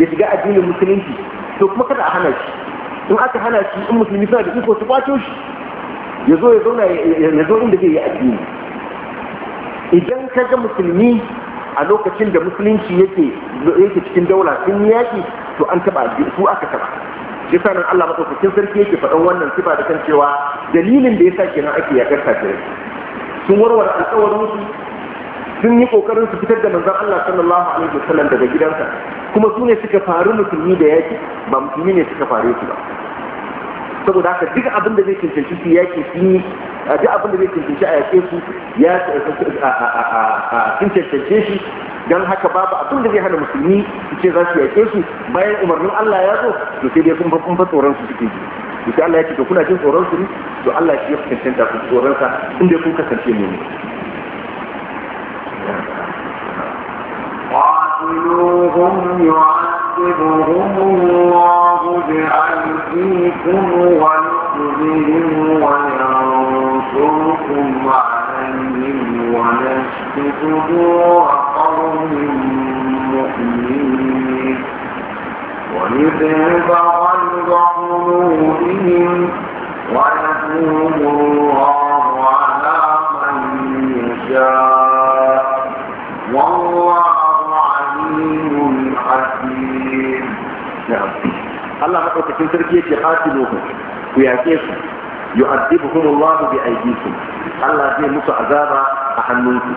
ya shiga addinin musulunci to kuma kada a hana shi in aka hana shi in musulmi suna da iko su kwato shi ya zo ya zauna ya zo inda zai yi addini idan ka ga musulmi a lokacin da musulunci yake yake cikin daula sun yi yaki to an taba su aka taba shi sa nan Allah madaukakin sarki yake faɗan wannan sifa da kan cewa dalilin da ya sa kenan ake yakar kafirai sun warware alƙawarin su sun yi kokarin su fitar da manzon Allah sallallahu alaihi wasallam daga gidansa kuma su ne suka faru musulmi da yaki ba musulmi ne suka faru su ba saboda haka duk abin da zai cancanci su yaki sun yi duk abin da zai cancanci a yake su ya sun cancance shi don haka babu abin da zai hana musulmi su ce za su yake su bayan umarnin Allah ya zo to sai dai kun fa kun fa tsoron su suke ji to sai Allah ya ce to kuna jin tsoron su ne to Allah shi ya da ku tsoron ka in dai kun kasance mu ne قاتلوهم يعذبهم الله بأيديكم ويخزيهم وينصركم عليهم ونشف صدور قوم مؤمنين ونذهب غلظ قلوبهم ويتوب الله على من يشاء والله عليم حكيم نعم الله ما كنت تنتركيه قاتلوهم ويعكسهم يعذبهم الله بأيديكم الله زي موسى عذابا أحنونكم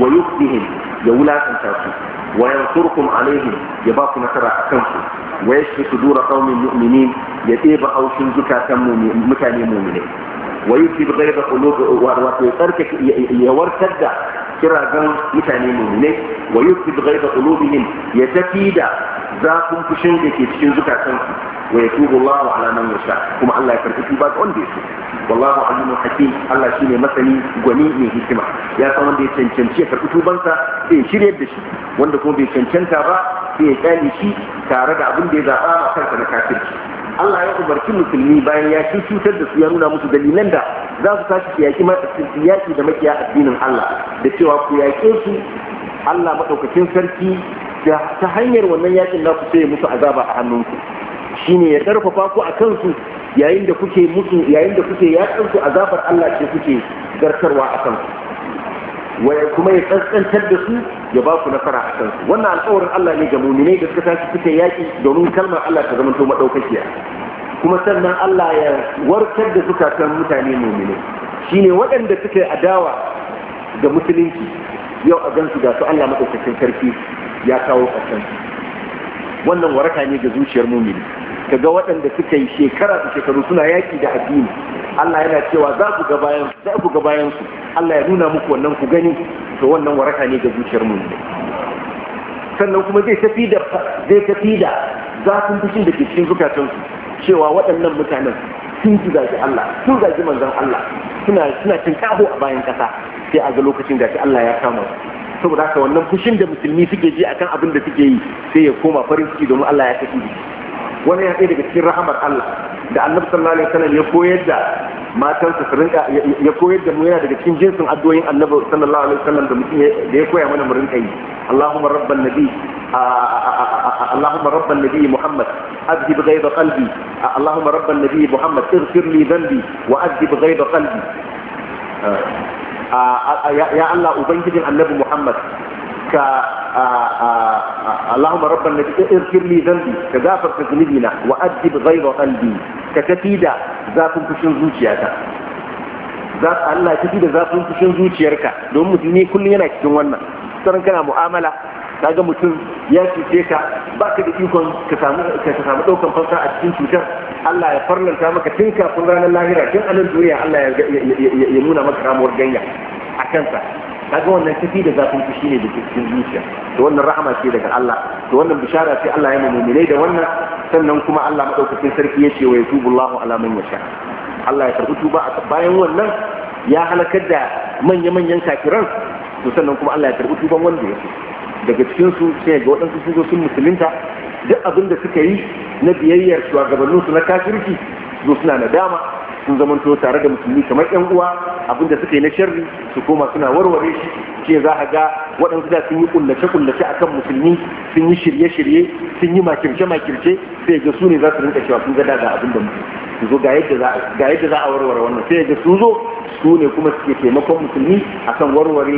ويخزيهم يولا أنتاكم وينصركم عليهم يباكم نكرا أكمكم ويشفي صدور قوم المؤمنين يتيب أو شنزكا مكان مؤمنين ويكتب غير قلوب ويترك Kira kiragan mutane mu'minai wa yufid ghaiba qulubihim ya tafi da zafin fushin da ke cikin zukatansu wa ya tubu Allah ala man yasha kuma Allah ya karbi tuba ga wanda ya so wallahu alimu hakim Allah shine masani gwani ne hikima ya san wanda ya cancanci ya karbi tubansa sai ya shirye da shi wanda kuma bai cancanta ba sai ya kyale shi tare da abin da ya zaba a kansa na kafirci Allah ya umarci musulmi bayan ya cutar da su ya nuna musu dalilan da za su tashi su yaki yaki da makiya addinin Allah da cewa ku yaƙe su Allah maɗaukakin sarki ta hanyar wannan yakin ku sai musu azaba a hannunku shine ya ƙarfafa ku a kansu yayin da kuke musu yayin azabar Allah ce kuke garkarwa a kansu waya kuma ya tsantsantar da su ya ba ku nasara a kansu wannan alƙawarin Allah ne ga muminai da suka tashi suka yaƙi domin kalmar Allah ta zama to madaukakiya kuma sannan Allah ya warkar da zukatan mutane muminai shine waɗanda suka yi adawa ga musulunci yau a gansu ga su Allah madaukakin sarki ya kawo kansu. wannan waraka ne ga zuciyar mumini kaga waɗanda suka yi shekara da shekaru suna yaki da addini Allah yana cewa za ku ga bayan za ku ga bayan su Allah ya nuna muku wannan ku gani to wannan waraka ne ga zuciyar mu sannan kuma zai tafi da zai tafi da zafin fushin da ke cikin su cewa waɗannan mutanen sun ji Allah sun gaji manzon Allah suna suna cin kabo a bayan kasa sai a ga lokacin gashi Allah ya kama saboda haka wannan fushin da musulmi suke ji akan abin da suke yi sai ya koma farin ciki domin Allah ya tafi wani ya daga cikin rahamar Allah da annabi sallallahu alaihi wasallam ya koyar da matansa su rinka ya koyar da mu yana daga cikin jinsin addu'o'in annabi sallallahu alaihi wasallam da mutum da ya koya mana mu rinka yi Allahumma rabban nabi Allahumma rabban nabi Muhammad أذهب غيظ قلبي اللهم رب النبي محمد اغفر لي ذنبي وأذهب غيظ qalbi ya Allah ubangijin النبي Muhammad ka Allahumma rabban nabi irfir li dhanbi ka gafarta zunubina wa addib ghayra qalbi ka tafi da zafin fushin zuciyata za Allah ya tafi da zafin fushin zuciyarka domin mutum ne kullum yana cikin wannan sanan kana mu'amala ta ga mutum ya cuce ka ba ka da ikon ka samu ka samu daukan fansa a cikin cutar Allah ya farlanta maka tun kafin ranar lahira tun anan duniya Allah ya nuna maka ramuwar ganya a kansa kaga wannan tafi da zafin ku shine da cikin zuciya to wannan rahama ce daga Allah to wannan bishara ce Allah ya mu'minai da wannan sannan kuma Allah madaukakin sarki yace wa yatubu Allahu ala man yasha Allah ya karbi tuba bayan wannan ya halakar da manya-manyan kafiran to sannan kuma Allah ya karbi tuban wanda ya daga cikin su sai ga waɗansu sun zo sun musulunta duk abin da suka yi na biyayyar su na kafirci su suna nadama sun zamanto tare da musulmi kamar yan uwa abinda suka yi na sharri su koma suna warware shi shi za a ga waɗansu da sun yi kullace-kullace a kan musulmi sun yi shirye-shirye sun yi makirce-makirce sai ga su ne za su rinka cewa sun gada ga abin da mu zo ga yadda za a warware wannan sai ga su zo su ne kuma suke taimakon musulmi a kan warware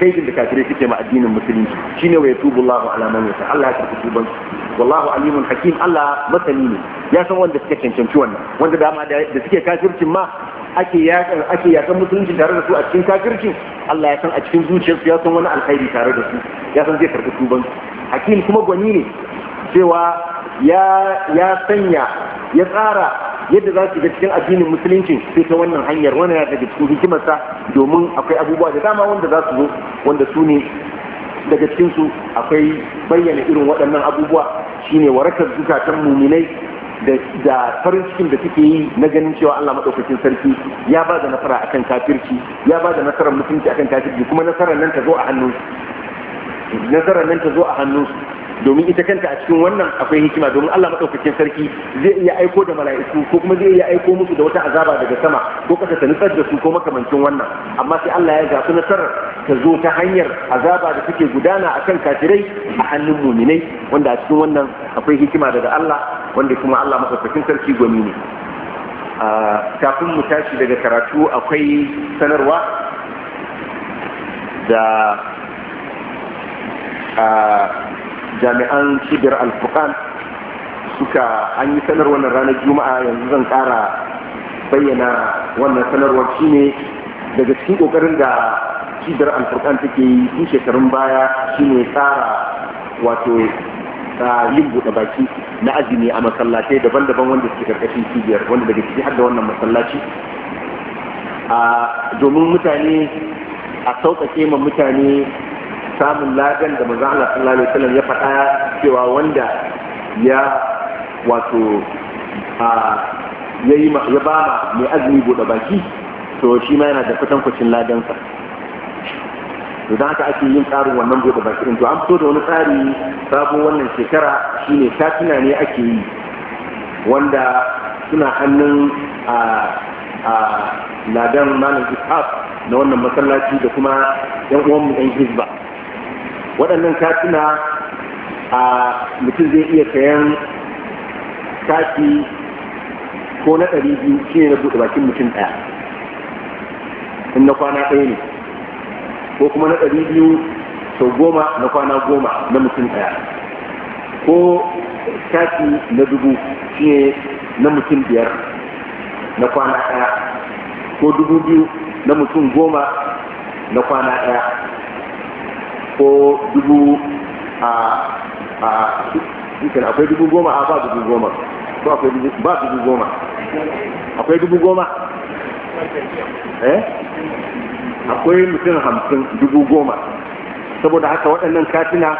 kaidin da kafirai suke ma addinin musulunci shine wa yatubu Allah ala man yasha Allah ya karbi tuban wallahu alimun hakim Allah masani ne ya san wanda suka cancanci wannan wanda dama da suke kafircin ma ake yakan ake yakan musulunci tare da su a cikin kafircin Allah ya san a cikin zuciyarsu ya san wani alkhairi tare da su ya san zai karɓi tuban hakim kuma gwani ne cewa ya sanya ya tsara yadda za su ga cikin addinin musulunci sai ta wannan hanyar wannan ya daga cikin hikimarsa domin akwai abubuwa da dama wanda za su zo wanda su ne daga cikinsu akwai bayyana irin waɗannan abubuwa shine warakar zukatan muminai da farin cikin da suke yi na ganin cewa Allah maɗaukacin sarki ya ba da nasara akan kafirci ya ba da nasarar mutunci akan kafirci kuma nasarar nan ta zo a hannun nasarar nan ta zo a hannun domin ita kanta a cikin wannan akwai hikima domin Allah maɗaukacin sarki zai iya aiko da mala'iku ko kuma zai iya aiko musu da wata azaba daga sama ko kasa ta nutsar da su ko makamancin wannan amma sai Allah ya zafi nasarar ta zo ta hanyar azaba da suke gudana akan kafirai a hannun muminai wanda a cikin wannan akwai hikima daga Allah wanda kuma Allah maɗaukakin sarki gwani ne kafin mu tashi daga karatu akwai sanarwa da jami'an cibiyar alfukan suka an yi sanar wannan ranar juma'a yanzu zan kara bayyana wannan sanarwar shine daga cikin ƙoƙarin da cibiyar alfukan take yi tun shekarun baya shine tsara wato yin buɗe baki na azumi a masallatai daban-daban wanda suke karkashin cibiyar wanda daga ciki har da wannan masallaci a domin mutane a sauƙaƙe ma mutane samun ladan da maza Allah sallallahu alaihi wasallam ya faɗa cewa wanda ya wato a yayi ya ba mai azumi buɗe baki to shi ma yana da kwatankwacin ladansa idan aka ake yin tsarin wannan bude baki to an fito da wani tsari sabo wannan shekara shine katina ne ake yi wanda suna hannun a a ladan malam ishaq na wannan masallaci da kuma yan uwanmu yan hizba waɗannan katina a mutum zai iya sayan kati ko na ɗari biyu shi ne na buɗe bakin mutum ɗaya in na kwana ɗaya ne ko kuma na ɗari biyu sau goma na kwana goma na mutum ɗaya ko kati na dubu shi ne na mutum biyar na kwana ɗaya ko dubu biyu na mutum goma na kwana ɗaya ko dubu a a ikin akwai dubu goma a ba dubu goma ko akwai dubu ba dubu goma akwai dubu goma eh akwai mutum hamsin dubu goma saboda haka waɗannan katina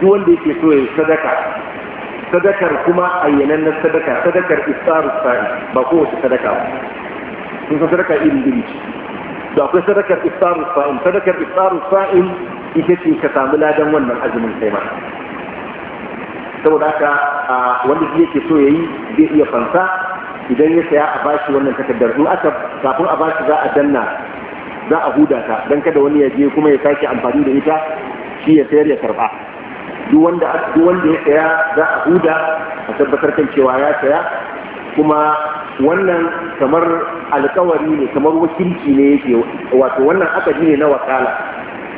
duk wanda yake so ya sadaka sadakar kuma na sadaka sadakar isaru sa'i ba kowace sadaka ba sun san sadaka irin biri to akwai sadakar isaru sa'i sadakar isaru sa'i ita ce ka samu ladan wannan azumin kai ma saboda haka wanda shi yake so yayi zai iya fansa idan ya saya a bashi wannan takardar in aka kafin a bashi za a danna za a huda ta don kada wani ya je kuma ya sake amfani da ita shi ya sayar ya karba duk wanda duk wanda ya saya za a huda a tabbatar kan cewa ya saya kuma wannan kamar alkawari ne kamar wakilci ne yake wato wannan akadi ne na wakala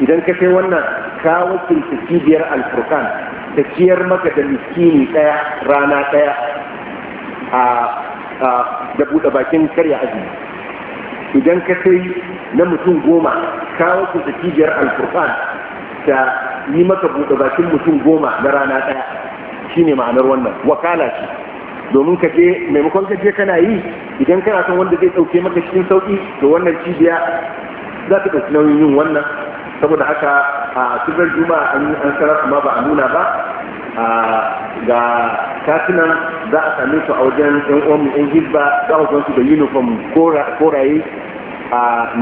idan ka sai wannan ka wakilci cibiyar alfurkan ta ciyar maka da miskini ɗaya rana ɗaya a da buɗe bakin karya azumi idan ka kai na mutum goma kawo ku da kijiyar ta yi maka buɗe bakin mutum goma na rana ɗaya shi ne ma'anar wannan wakala ce domin ka je maimakon ka je kana yi idan kana son wanda zai ɗauke maka cikin sauƙi to wannan cibiya za ta ɗauki nauyin yin wannan saboda haka a tubar juma'a an ansara amma ba a nuna ba ga katinan za a same su a wajen yan omi yan hizba za a san su da uniform koraye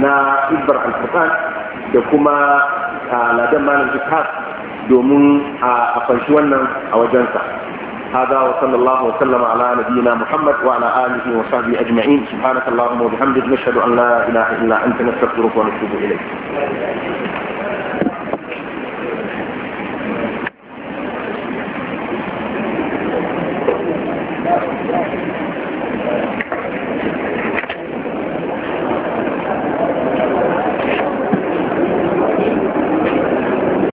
na hizbar alfurkan da kuma ladan malam jikas domin a fanshi wannan a wajensa هذا وصلى الله وسلم على نبينا محمد وعلى اله وصحبه اجمعين سبحانك اللهم وبحمدك نشهد ان لا اله الا انت نستغفرك ونتوب اليك Thank you.